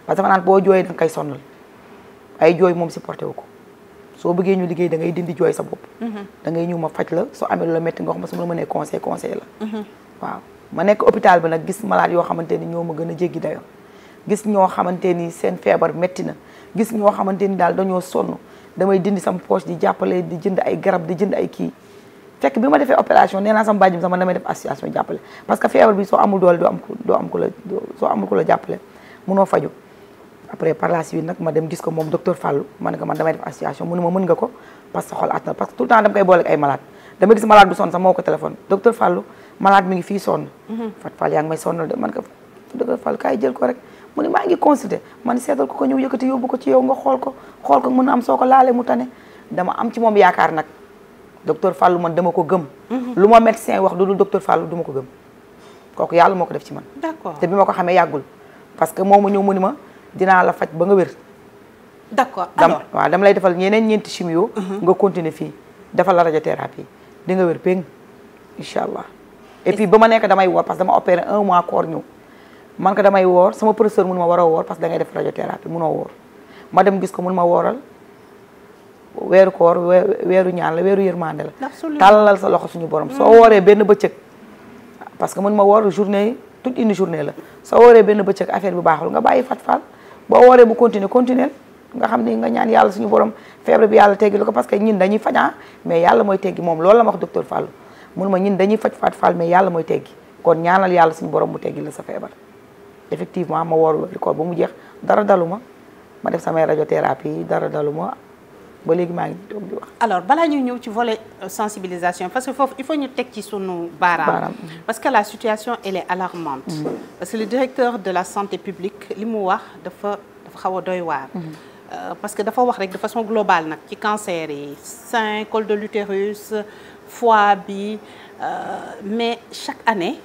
parce que dama naan boo jooyee da nga koy sonnal ay jooy moom supporté wu ko soo bëggee ñu liggéey da ngay dindi jooy sa bopp mhm. da ngay ñëw ma faj la soo amee la métti nga wax ma su ma la mënee la mhm. waaw ma nekk hôpital bi nag gis malade yoo xamante ni ñoo ma gën a jéggi dayoo gis ñoo xamante ni seen feebar métti na gis ñoo xamante ni daal dañoo sonn damay dindi sam poche di jàppale di jënd ay garab di jënd ay kii fekk bi ma defee opération nee naa sama bàjjim sama damay def association jàppale parce que feebar bi soo amul doole man damay def association mu ne ma mën nga ko parce que xool attan parce tout temps dama koy boole ay malade dama gis malade bu sonn sax moo téléphone docteur Fallou malade mi ngi fii sonn mhm. Fat Fall yaa ngi may sonnal de man ko docteur Fallou kaay jël ko rek mu ne maa ngi consulté man seetal ko ko ñëw yëkkati yóbbu ko ci yow nga xool ko xool ko mën a am soo ko laalee mu tane dama am ci moom yaakaar nag docteur Fallou man dama ko gëm. lu ma médecin wax du dul docteur Fallou duma ko gëm kooku yàlla moo ko def ci man. d'accord te bi ma ko xamee yàggul parce que moom moomu ñëw man ni ma dinaa la faj ba nga wér. d'accord alors waaw dama lay defal ñeneen ñeenti chimio. Mhm. nga continuer fii defal la radiothérapie di nga wér péng incha allah. et puis ba nekk damay woor parce que dama opéré un mois koor ñëw man ko damay woor sama professeur mun ma war a woor parce que da ngay def radiothérapie munoo woor ma dem gis ko mun ma wooral. weeru koor weeru ñaan la weeru yërmande la tàllal sa loxo suñu borom soo mm. wooree benn bëccëg parce que mën ma woor journée toute une journée la soo wooree benn bëccëg affaire bi baaxul nga bàyyi fatfal boo wooree bu continuer continuer nga xam ni nga ñaan yàlla suñu borom feebar bi yàlla teggi lu ko parce que ñin dañuy fañaa ah, mais yàlla mooy teggi moom loolu la wax docteur Fallou mun ma ñin dañuy faj fatfal mais yàlla mooy teggi kon ñaanal yàlla suñu borom mu teggi la sa feebar effectivement ma woor weeru koor ba mu jeex dara dalu ma ma def samay radiothérapie dara dalu ma ba léegi maa ngi toog di wax. alors balaa ñuy ñëw ci volet euh, sensibilisation parce que foofu il faut ñu teg ci sunu baaraam. parce que la situation elle est alarmante. Mmh. parce que le directeur de la santé publique li mu wax dafa dafa xaw a doy waar. Mm-hmm. Euh, parce que dafa wax rek de façon globale nag ci cancer yi sein col de l'utérus fois bi euh, mais chaque année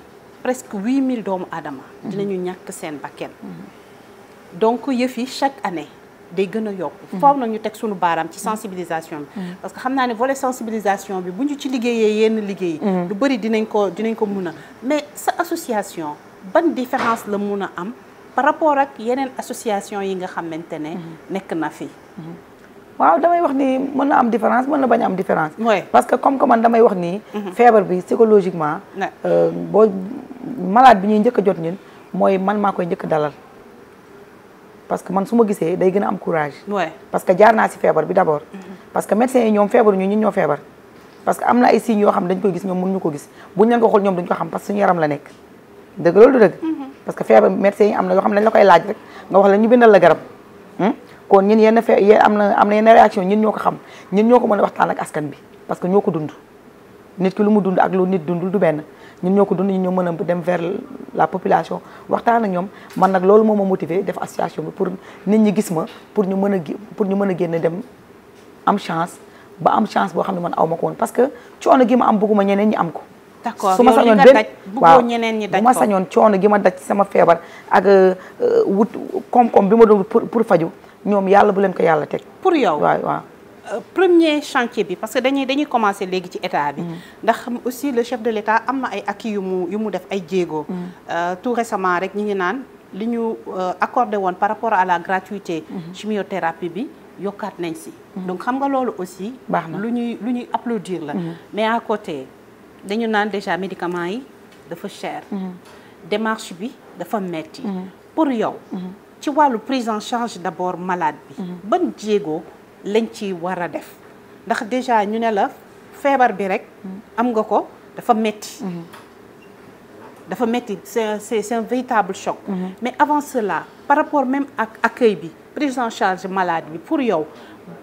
presque huit mille doomu aadama. Mm-hmm. dinañu ñàkk seen bakkan. Mm-hmm. donc yëf yi chaque année. day gën a yokk faaw na ñu teg suñu baaraam ci sensibilisation bi mm-hmm. parce que xam naa ni volet sensibilisation bi bu ñu ci liggéeyee yenn liggéey mm-hmm. lu bëri dinañ ko dinañ ko mun a mais sa association ban différence la mun a am par rapport ak yeneen association yi nga xamante ne mm-hmm. nekk na fi waaw damay wax ni mën na am différence mën na bañ am différence parce que comme que man damay wax nii feebar bi psychologiquement euh, boo malaat bi ñuy njëkk jot ñun mooy man maa koy njëkk dalal parce que man su ma gisee day gën a am courage. parce que jaar naa si feebar bi d' abord. parce que médecins yi ñoom feebar ñu ñun ñoo feebar. parce que am na ay signes yoo xam dañ koy gis ñoom mënuñu ko gis buñ leen ko xool parce que suñu yaram la nekk dëgg loolu dëgg. Mhm. parce que na yoo xam ne dañ la ñu bindal la garab. Hmm? kon ñun yenn am na am na yenn réaction ñun ñoo ko xam ñun ñoo ko mën a waxtaan ak askan bi parce que ñoo ko dund nit ki lu mu dund ak lu nit dundul du benn. ñun ñoo ko dund ñun ñoo mën a dem vers la population waxtaan ak ñoom man nag loolu moom ma motivé def association bi pour nit ñi gis ma pour ñu mën a pour ñu mën a génn dem am chance ba am chance boo xam ne man aw ma ko woon parce que coono gi ma am bëgguma ñeneen ñi am ko. d'accord su ma sañoon benn waaw bu ma sañoon coono gi ma daj sama feebar ak euh, wut koom-koom bi ma doon pour pour faju ñoom yàlla bu leen ko yàlla teg. pour yow premier chantier bi parce que dañuy dañuy commencer léegi ci état bi. Mm. ndax aussi le chef de l'état am na ay acquis yu mu yu mu def ay jéego. Mm. Euh, tout récemment rek ñu ngi naan li ñu euh, accordé woon par rapport à la gratuité. Mm-hmm. chimiothérapie bi yokkaat nañ si. Mm-hmm. donc xam nga loolu aussi. baax na lu ñuy lu ñuy applaudir la. Mm-hmm. mais à côté dañu naan déjà médicament yi dafa cher. démarche bi dafa metti pour yow. ci wàllu prise en charge d'abord malade bi. ban jéego. lañ ci war a def ndax déjà ñu ne la feebar bi rek am nga ko dafa metti mm-hmm. dafa metti c'est c'est un véritable choc mm-hmm. mais avant cela par rapport même ak accueil bi prise en charge malade bi pour yow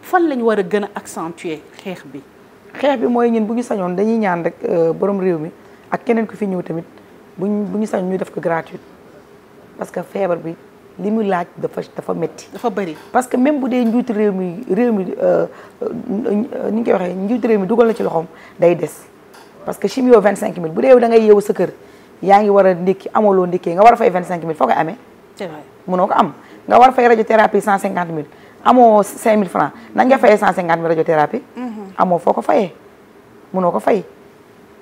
fan lañ war a gën a accentuer xeex bi xeex bi mooy ñun bu ñu sañoon dañuy ñaan rek euh, borom réew mi ak keneen ku fi ñëw tamit buñ bu ñu sañ ñu def ko gratuite parce que feebar bi li mu laaj dafa dafa metti parce que même bu dee njiitu réew mi ni euh, euh, ñu koy waxee njiitu réew mi dugal na ci loxoom day des parce que chimio vingt cinq mille bu dee da ngay yeewu sa kër yaa ngi war a ndékki amaloo ndékkee nga war a fay vingt cinq mille foo koy amee c'est vrai mënoo ko am nga war a fay radiothérapie cent cinquante mille amoo cinq mille francs nan fayee cent cinquante mille radiothérapie mhm. amoo foo ko fayee mënoo ko fay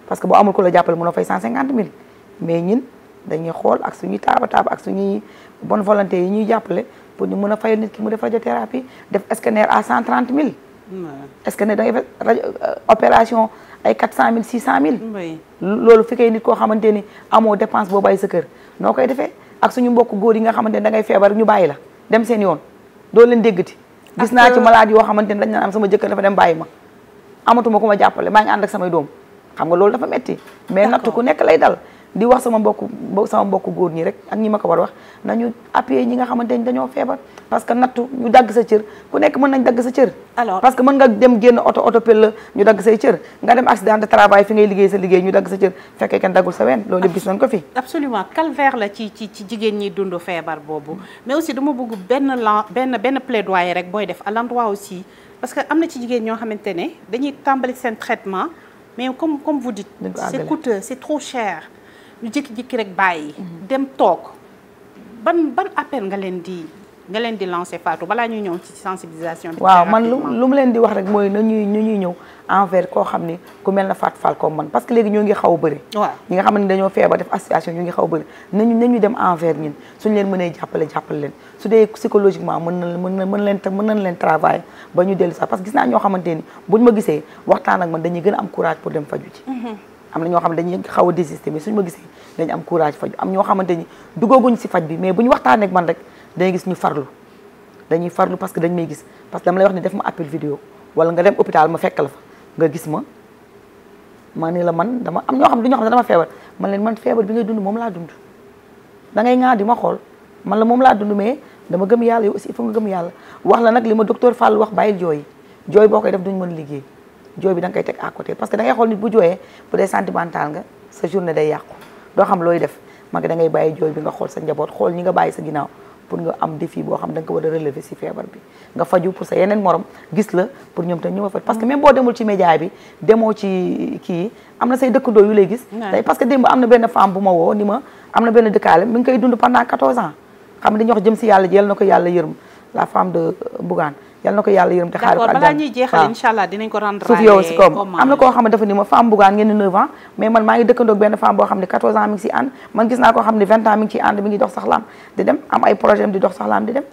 parce que boo amul ko la jàppale mënoo fay cent cinquante mille dañuy xool ak suñuy taaba taaba ak suñuy bon volonté yi ñuy jàppale pour ñu mën a fay nit ki mu def radiothérapie def scanner à cent trente mille. scanner da ngay opération ay quatre cent mille six cent mille. loolu fekkee nit koo xamante ni amoo dépense boo bàyyi sa kër noo koy defee ak suñu mbokk góor yi nga xamante ne ngay feebar ñu bàyyi la dem seen yoon doo leen déggati. gis naa ci euh, malade yoo xamante ne dañ naan am sama jëkkër dafa dem bàyyi ma amatuma ku ma jàppale maa ngi ànd ak samay doom xam nga loolu dafa metti mais ku nekk lay dal. di wax sama mbokku sama mbokku góor ñi rek ak ñi ma ko war wax nañu appuyer ñi nga xamante ni dañoo feebar parce que nattu ñu dagg sa cër ku nekk mën nañ dagg sa cër alors parce que mën nga dem génn oto oto pel la ñu dagg say cër nga dem accident de travail fi ngay liggéey sa liggéey ñu dagg sa cër fekkee kenn daggul sa ween loolu yëpp gis nañ ko fi absolument calvaire la ci ci jigéen ñi dund feebar boobu mais aussi dama bëgg benn lan benn benn plaidoyer rek booy def à aussi parce que am na ci jigéen ñoo xamante ne dañuy tàmbali seen traitement mais comme comme vous dites c'est coûteux c'est ñu jékki-jékki rek bàyyi. Mhm. dem toog ban ban appel nga leen di nga leen di lancer Fatou balaa ñuy ñëw ci sensibilisation. waaw man lu lu mu leen di wax rek mooy na ñuy ñu ñuy ñëw envers koo xam ne ku mel na Fatou Fall comme man parce que léegi ñoo ngi xaw a bëri. waaw ñi nga xam ne dañoo feebar def association ñoo ngi xaw a bëri nañu nañu dem envers ñun suñu leen mënee jàppale jàppale leen su dee psychologiquement mën na mën na mën leen mën nañ leen travail ba ñu dellu sax parce que gis naa ñoo xamante ni buñ ma gisee waxtaan ak man dañuy gën a am courage pour dem faju ci am na ñoo xam ne dañuy xaw a désister mais suñu ma gisee dañu am courage faju am ñoo xamante ni duggaguñ si faj bi mais bu ñu waxtaanee ak man rek dañuy gis ñu farlu dañuy farlu parce que dañ may gis parce que dama lay wax ne def ma appel wala nga dem hôpital ma fekk la fa nga gis ma ma ne la man dama am ñoo xam ne du xam ne dama feebar man leen man feebar bi ngay dund moom laa dund da ngay ŋaa di ma xool man la moom laa dund mais dama gëm yàlla yow aussi il nga gëm yàlla wax la nag li ma docteur Fall wax bàyyil jooyi jooy boo koy def duñ mën liggéey jooy bi da nga koy teg à parce que da ngay xool nit bu jooyee bu dee sentimental nga sa journée day yàqu doo xam looy def mag da ngay bàyyi jooy bi nga xool sa njaboot xool ñi nga bàyyi sa ginnaaw pour nga am défi boo xam da nga ko a relever si feebar gis la pour ñoom tam ñu ma parce que mm. même boo demul ci média bi demoo ci kii am na say dëkkandoo yu lay gis parce que démb am na benn femme bu ma woo ni ma am na benn dëkkaale mi ngi koy dund pendant 14 ans xam ne dañuy jëm si yàlla jël na ko yàlla yërëm la femme de Bougane yal na ko yàlla yërëm te xaar ko balaa ñuy jeexal incha allah dinañ suuf yow si koom am na koo xam ne dafa ni ma femme bugaan ngeen ni 9 ans mais man maa ngi dëkkandoog benn femme boo xam ne 14 ans mi si ànd man gis naa koo xam ne 20 ans mi ngi ciy ànd dox saxlaam di dem am ay projet di dox saxlaam di dem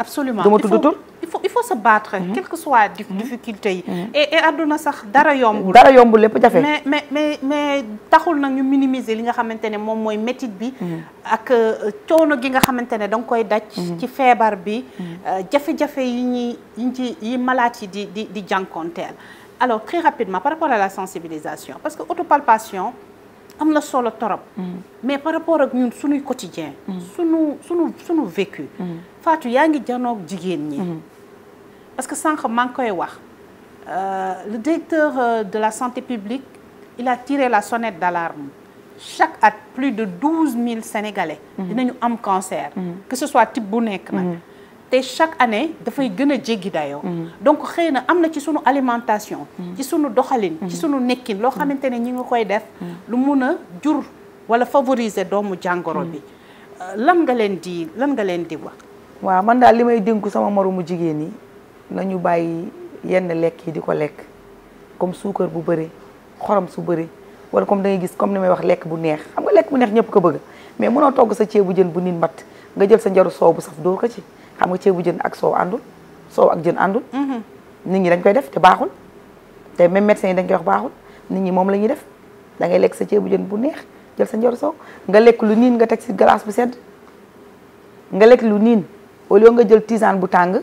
absolument duma tudd tur il faut il faut se battre mhm. quelle que soit mhm. difficulté yi mhm. et et sax dara yombul dara yombul lépp jafe mais mais mais taxul nag ñu minimiser li nga xamante ne moom mooy métit bi ak euh, coono gi nga xamante ne da nga koy daj ci feebar bi euh, jafe-jafe yi ñu yi ci yi malaat yi di di di jànkonteel alors très rapidement par rapport à la sensibilisation parce que palpation am na solo torop mm. mais par rapport ak ñun suñuy quotidien mm. suñu suñu suñu vécu mm. Fatou yaa ngi janoog jigéen ñi parce que sànq maa ngi koy wax euh, le directeur euh, de la santé publique il a tiré la sonnette d'alarme chaque at plus de douze mille sénégalais dinañu am cancer que ce soit type bu nekk nag te chaque année dafay gën a jéggi dayoo. Mm-hmm. donc xëy na am na ci suñu alimentation. Mm-hmm. ci suñu doxalin. ci mm-hmm. sunu nekkin loo xamante ne ñi ngi koy def. lu mun a jur wala favoriser doomu jàngoro bi. lan nga leen di lan nga leen di wax. waaw man daal li may dénku sama moromu jigéen yi nañu bàyyi yenn lekk yi di ko lekk comme suukar bu bëri xorom su bëri wala comme da ngay gis comme ni may wax lekk bu neex xam nga lekk bu neex ñëpp ko bëgg mais mënoo togg sa ceebu jën bu nit mat nga jël sa njaru soow bu saf dóor ko ci. xam nga ceebu jën ak soow àndul soow ak jën àndul mhm. nit ñi dañ koy def te baaxul te même médecin dañ koy baaxul nit ñi moom la ñuy def da ngay lekk sa ceebu jën bu neex jël sa njoor soow nga lekk lu niin nga teg si glace bu sedd nga lekk lu niin au lieu nga jël tisane bu tàng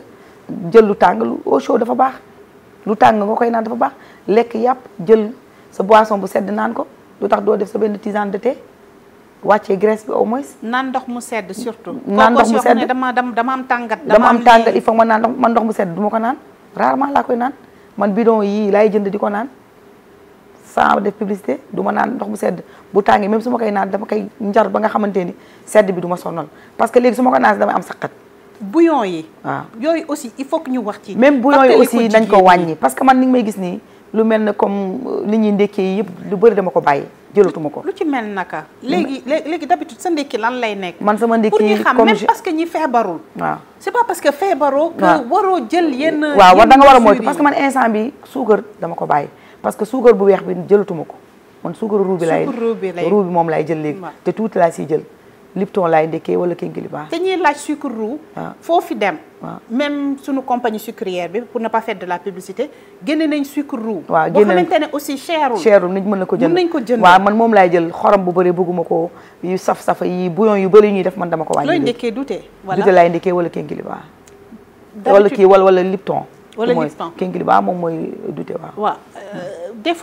jël lu tàng lu au chaud dafa baax lu tàng nga koy naan dafa baax lekk yàpp jël sa boisson bu sedd naan ko lu tax doo def sa benn tisane de thé wàccee graisse bi au moins. naan ndox mu sedd surtout. naan ndox mu sedd dama dama am tàngat. dama am tàngat il faut ma naan man ndox mu sedd du ma ko naan rarement laa koy naan man bidon yi laay jënd di ko naan sans def publicité du ma naan ndox mu sedd bu tàngee même su ma koy naan dama koy njar ba nga xamante ni sedd bi duma ma parce que léegi su ma ko naan si damay am saqat. bouillon yi. waaw yooyu aussi il faut que ñu wax ci. même bouillon yi aussi nañ ko wàññi parce que man ni nga may gis nii lu mel ne comme euh, li ñuy ndekkee yëpp lu bëri dama ko bàyyi. jëlatuma ko. lu ci mel naka. léegi léegi d'habitude sa ndékki lan lay nekk. man sama ndékki comme pour ñu xam même parce que ñi feebarul. waaw c'est pas parce que feebaroo. waaw que waroo jël yenn. waaw da nga war a moytu parce que man instant bi suukar dama ko bàyyi parce que suukar bu weex bi jëlatuma ko man suukar ruu bi lay. suukar ruu moom lay jël léegi te tuuti laa siy jël. Lipton laay dëkkee wala Kéngéliba. te ñuy laaj sucre roux. waaw ah. foofu dem. waaw ah. même suñu compagnie sucrière bi pour ne pas fait de la publicité génne nañ sucre roux. waaw génne boo xamante aussi cherul. cherul nit mën na ko jënd mën ko jënd. waaw man moom laay jël xorom bu bëri bëgguma ko yu saf safa yi bouillon yu bëri ñuy def man dama ko. wàññi looy ndékkee dute. voilà dute laay ndékkee wala Kéngéliba. wala kii wala wala Lipton. wala lifton kéngili waaw moom mooy dute waaw waaw euh, des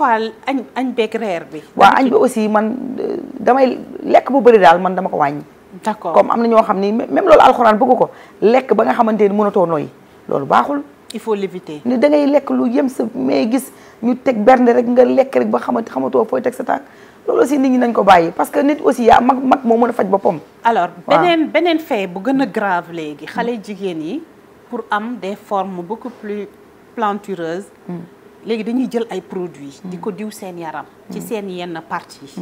añ añ beeg reer bi waa añ bi aussi man euh, damay lekk bu bëri daal man dama ko wàññi d'accord comme am na ñoo xam ni même loolu alxuraan bëgg ko lekk ba nga xamante ni mënatoo noyyi loolu baaxul il faut l'éviter ni da ngay lekk lu yem sa mais gis ñu teg bernde rek nga lekk rek ba xamante xamatoo fooy teg sa tànk loolu aussi nit ñi nañ ko bàyyi parce que nit aussi yaa mag mag moo mën a faj boppam alors beneen beneen bu gën a grave léegi xale jigéen yi pour am des formes beaucoup plus plantureuses mm. léegi dañuy jël ay produits mm. di ko diw seen yaram mm. ci seen yenn partie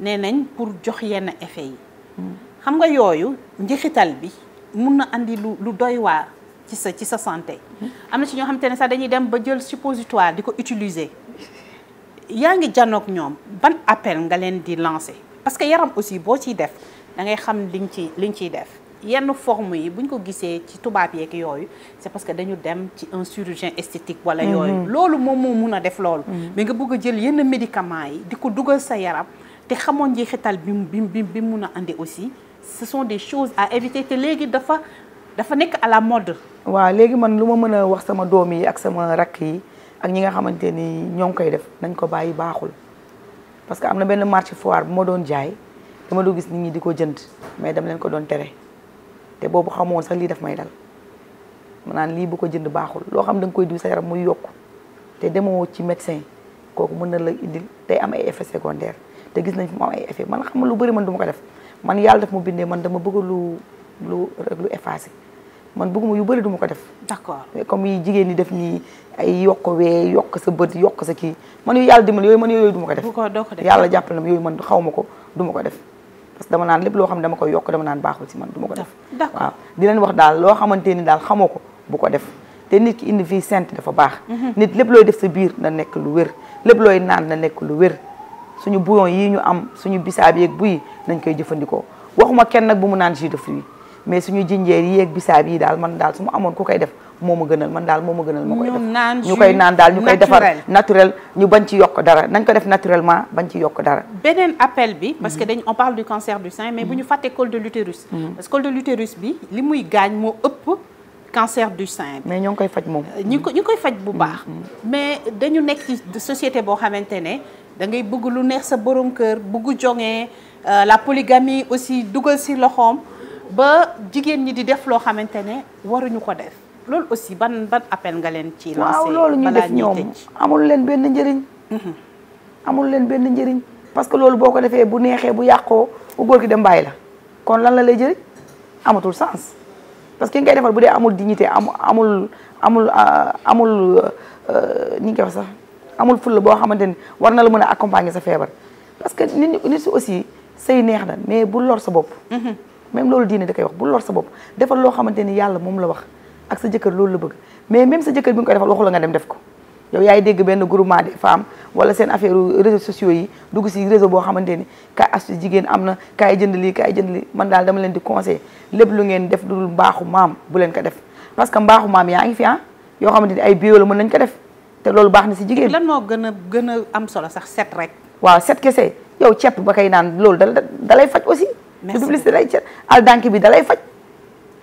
nee nañ pour jox yenn effet yi xam nga yooyu njeexital bi mun na indi lu lu doy waa ci sa ci sa santé am na ci ñoo xamante ne sax dañuy dem ba jël suppositoire di ko utiliser yaa ngi janoog ñoom ban appel nga leen di lancer parce que yaram aussi boo ciy def da ngay xam li nga ciy li nga ciy def yenn forme yi bu ñu ko gisee ci tubaab yeek yooyu c'est parce que dañu dem ci un chirurgien esthétique wala mhm. yooyu loolu moom moo mun a def loolu mhm. mais nga bëgg a jël yenn médicament yi di ko dugal sa yaram te xamoon njeexital bi bi bi bi mun a indi aussi ce sont des choses à éviter te léegi dafa dafa nekk à la mode waa léegi man lu ma mën a wax sama doom yi ak sama rakk yi ak ñi nga xamante ni ñoo ngi koy def nañ ko bàyyi baaxul parce que am na benn marché foire bu doon jaay dama doo gis nit ñi di ko jënd mais dama leen ko doon tere te boobu xamoon sax lii daf may dal ma naan lii bu ko jënd baaxul loo xam da nga koy diw sa yaram muy yokku te demoo ci médecin kooku mën na la indil tey am ay effets secondaires te gis nañ fi mu am ay effets man xam lu bëri man du ma ko def man yàlla daf ma bindee man dama bëgg lu lu lu effacé man bëgguma yu bëri du ma ko def. d'accord comme yi jigéen ñi def nii ay yokk wee yokk sa bët yokk sa kii man yu yàlla dimbali yooyu man yooyu du ko def. bu ko yàlla jàppale na man xaw ma ko du ma ko def. parce que dama naan lépp loo xam ne dama koy yokk dama naan baaxul si man du ma ko def waaw leen wax daal loo xamante ni daal xamoo ko bu ko def te nit ki indi fii sent dafa baax mhm. nit lépp looy def sa biir na nekk lu wér lépp looy naan na nekk lu wér suñu bouillon yi ñu am suñu bisaab yeeg buy nañ koy jëfandikoo waxuma kenn nag bu mu naan jus de fruits mais suñu jinjeer yi yeeg bisaab yi daal man daal su mu amoon ku koy def moo a gënal man daal moo ma gënal ma koy def ñu koy naan daal ñu koy defar naturel ñu bañ ci yokk dara nañ ko def naturellement bañ ci yokk dara beneen appel bi parce que mm-hmm. dañ on parle du cancer du sein mais bu ñu mm-hmm. fàtte col de l'utérus mm-hmm. parce que col de l'utérus bi li muy gaañ moo ëpp cancer du sein mais ñoo ngi koy faj moom euh, ñu ko ñu koy faj bu baax mais dañu nekk ci société boo xamante ne dangay bëgg lu neex sa borom kër bëggu jongee euh, la polygamie aussi dugal si loxoom ba jigéen ñi di def loo xamante ne waruñu ko def loolu aussi ban ban appel nga leen ci lancé waaw loolu ñu def ñoom amul leen benn njëriñ mhm. amul leen benn njëriñ parce que loolu boo ko defee bu neexee bu yàqoo bu góor gi dem la kon lan la lay jëriñ amatul sens parce que ngay defal bu dee amul dignité am amul amul euh, amul ni nga ko sax amul fulla boo xamante ni war na la mën a accompagner sa feebar parce que nit nit si aussi say neex na mais bu lor sa bopp mhm. même loolu diine da koy wax bu lor sa bopp defal loo xamante ni yàlla moom la wax ak sa jëkkër loolu la bëgg mais même sa jëkkër bi nga koy defal waxu la nga dem def ko yow yaay dégg benn groupement des femmes seen affaire réseaux sociaux yi dugg si réseau boo xamante ni kaay jigéen am na kaay jënd lii kaay man daal dama leen di conseillé lépp lu ngeen def dul mbaaxu maam bu leen ko def parce que mbaaxu maam yaa ngi fi ah, yoo xamante ni ay bio la mën nañ ko def te loolu baax na si jigéen lan moo gën a gën a am solo sax set rek waaw set kese yow ceeb ba kay naan loolu da dalay faj aussi publicité day cet al dànk bi faj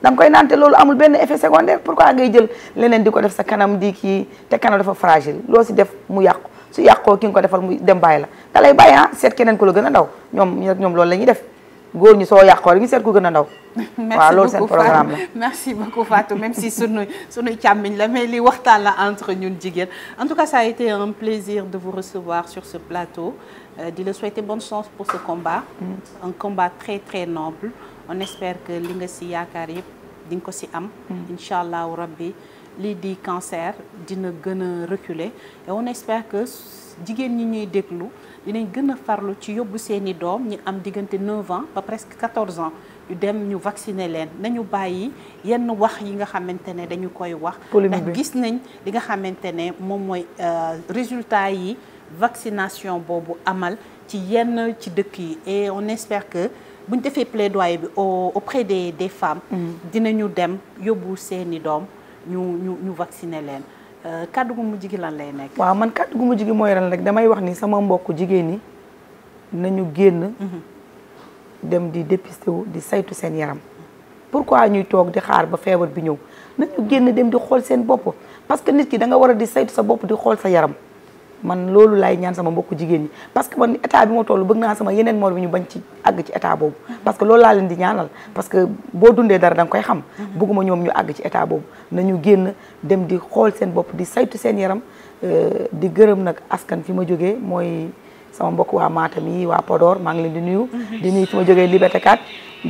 da koy naan te loolu amul benn efe effet secondaire pourquoi ngay jël leneen di ko def sa kanam di kii te kanam dafa fragile loo si def mu yàqu su yàqoo ki nga ko defal mu dem bàyyi la da lay bàyyi ah seet keneen ku la gën a ndaw ñoom ñoom loolu la ñuy def góor ñi soo yàqoo rek ñu seet ku gën a ndaw. <laughs> waaw loolu seen programme la merci beaucoup Fatou même si sunuy sunuy càmmiñ la mais li waxtaan la entre ñun jigéen en tout cas ça a été un plaisir de vous recevoir sur ce plateau euh, di la souhaiter bonne pour ce combat. Mm. un combat très très noble. on espère que li nga si yaakaar yëpp di nga ko si am hmm. incha allahu rabbi lii di cancer dina gën a reculer et on espère que jigéen ñi ñuy déglu dinañ gën a farlu ci yóbbu seeni doom ñu am diggante 9 ans ba presque 14 ans ñu dem ñu vacciner leen nañu bàyyi yenn wax yi nga xamante ne dañu koy wax ndax gis nañ li nga xamante ne moom mooy euh, résultat yi vaccination boobu amal ci yenn ci dëkk yi et on espère que bu ñu defee plaidoyer bi auprès des des femmes. Mm. dinañu dem yóbbu seeni doom ñu ñu ñu vacciner leen euh, kàddu gu mujj gi lan lay nekk. waaw man kàddu gu mujj gi mooy lan rek damay wax ni sama mbokk jigéen ñi ñu génn. Mm-hmm. dem di dépister wu di saytu seen yaram. pourquoi ñuy toog di xaar ba feebar bi ñëw nañu génn dem di xool seen bopp parce que nit ki da nga war a di saytu sa bopp di xool sa yaram. man loolu laay ñaan sama mbokku jigéen ñi parce que man état bi ma toll bëgg naa sama yeneen moo bi ñu bañ ci àgg ci état boobu parce que loolu laa leen di ñaanal parce que boo dundee dara danga koy xam bëgguma ñoom ñu àgg ci état boobu nañu génn dem di xool seen bopp di saytu seen yaram euh, di gërëm nag askan fi ma jógee mooy sama mbokk waa Matam yi waa podoor maa ngi leen di nuyu. di nuyu fi ma jógee Liberté 4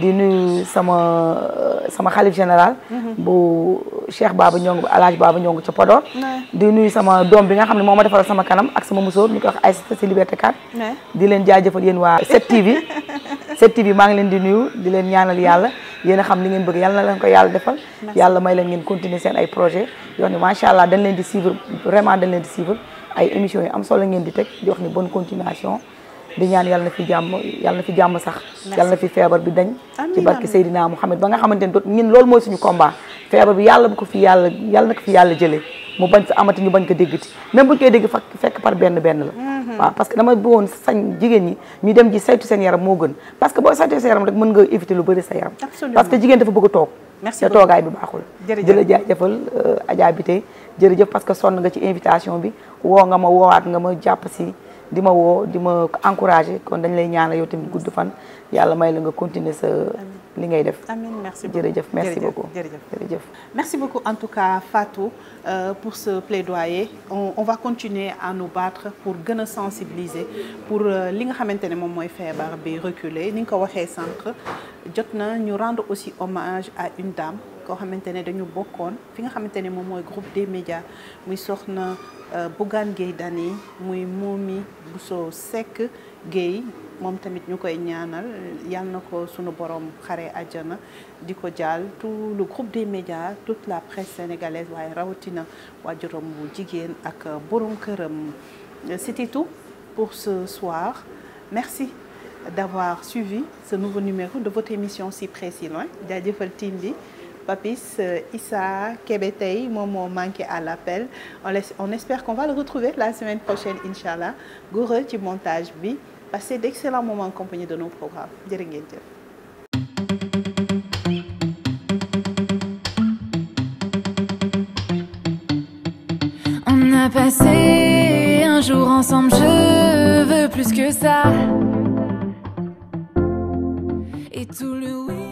di nuyu sama euh, sama xalif général. bu Cheikh Baba Ñong bu Alaaji Baba Ñong ca Podor. di nuyu sama doom bi nga xam ne moo a defal sama kanam ak sama musóor ñu koy wax Aïssata si Liberté 4. di leen jaajëfal yéen waa 7TV. set tv <laughs> maa ngi leen di nuyu di leen ñaanal yàlla yéen a xam li ngeen bëgg yàlla na leen ko yàlla defal. yàlla may leen ngeen continuer seen ay projet yoo xam ne allah dañ leen di suivre vraiment dañ leen di suivre. ay émission yu am solo ngeen di teg di wax ni bonne continuation di ñaan yàlla na fi jàmm yàlla na fi jàmm sax yàlla na fi feebar bi dañ ci barke Seydina Mouhamed ba xamante ne doot ñun loolu mooy suñu combat feebar bi yàlla bu ko fi yàlla yàlla jëlee mu bañ fa amati ñu bañ ko déggati même buñ koy dégg fekk par benn benn la mhm. waaw parce que dama bëggoon sañ jigéen ñi ñu dem ji saytu seen yaram moo gën parce que boo saytu seen yaram rek mën nga éviter lu bëri sa yaram parce que jigéen dafa a toog te toogaay jërëjëf parce que sonn nga ci invitation bi woo nga ma woowaat nga ma jàpp si di ma woo di ma encouragé kon dañ lay ñaanal yow tamit gudd fan yàlla may la nga continuer sa li ngay def amiin merci beaucoup jërëjëf merci beaucoup jërëjëf merci beaucoup en tout cas Fatou euh, pour ce plaidoyer on, on va continuer à nous battre pour gën a sensibiliser pour euh, li nga xamante ne moom mooy feebar bi reculer ni nga ko waxee sànq jot na ñu rendre aussi hommage à une dame koo xamante ne dañu bokkoon fi nga xamante ne moom mooy groupe de média muy soxna euh, Bougane Gueye Dany muy Momy Bousso Seck Gueye moom tamit ñu koy ñaanal yal na ko sunu borom xare àjjana di ko jaal tout le groupe des médias tout la presse sénégalaise waaye rawatina waajuram bu jigéen ak borom këram c'était pour ce soir merci d'avoir suivi ce nouveau numéro de votre émission si près si loin jaajëfal team bi Papis euh, Issa Kébé tey moom moo manqué à l'appel on on espère qu'on va le retrouver la semaine prochaine incha allah góor ci montage bi passez d'excellents moments en compagnie de nos programmes jërë ngeen jëf. On a passé un jour ensemble, je veux plus que ça. Et tout le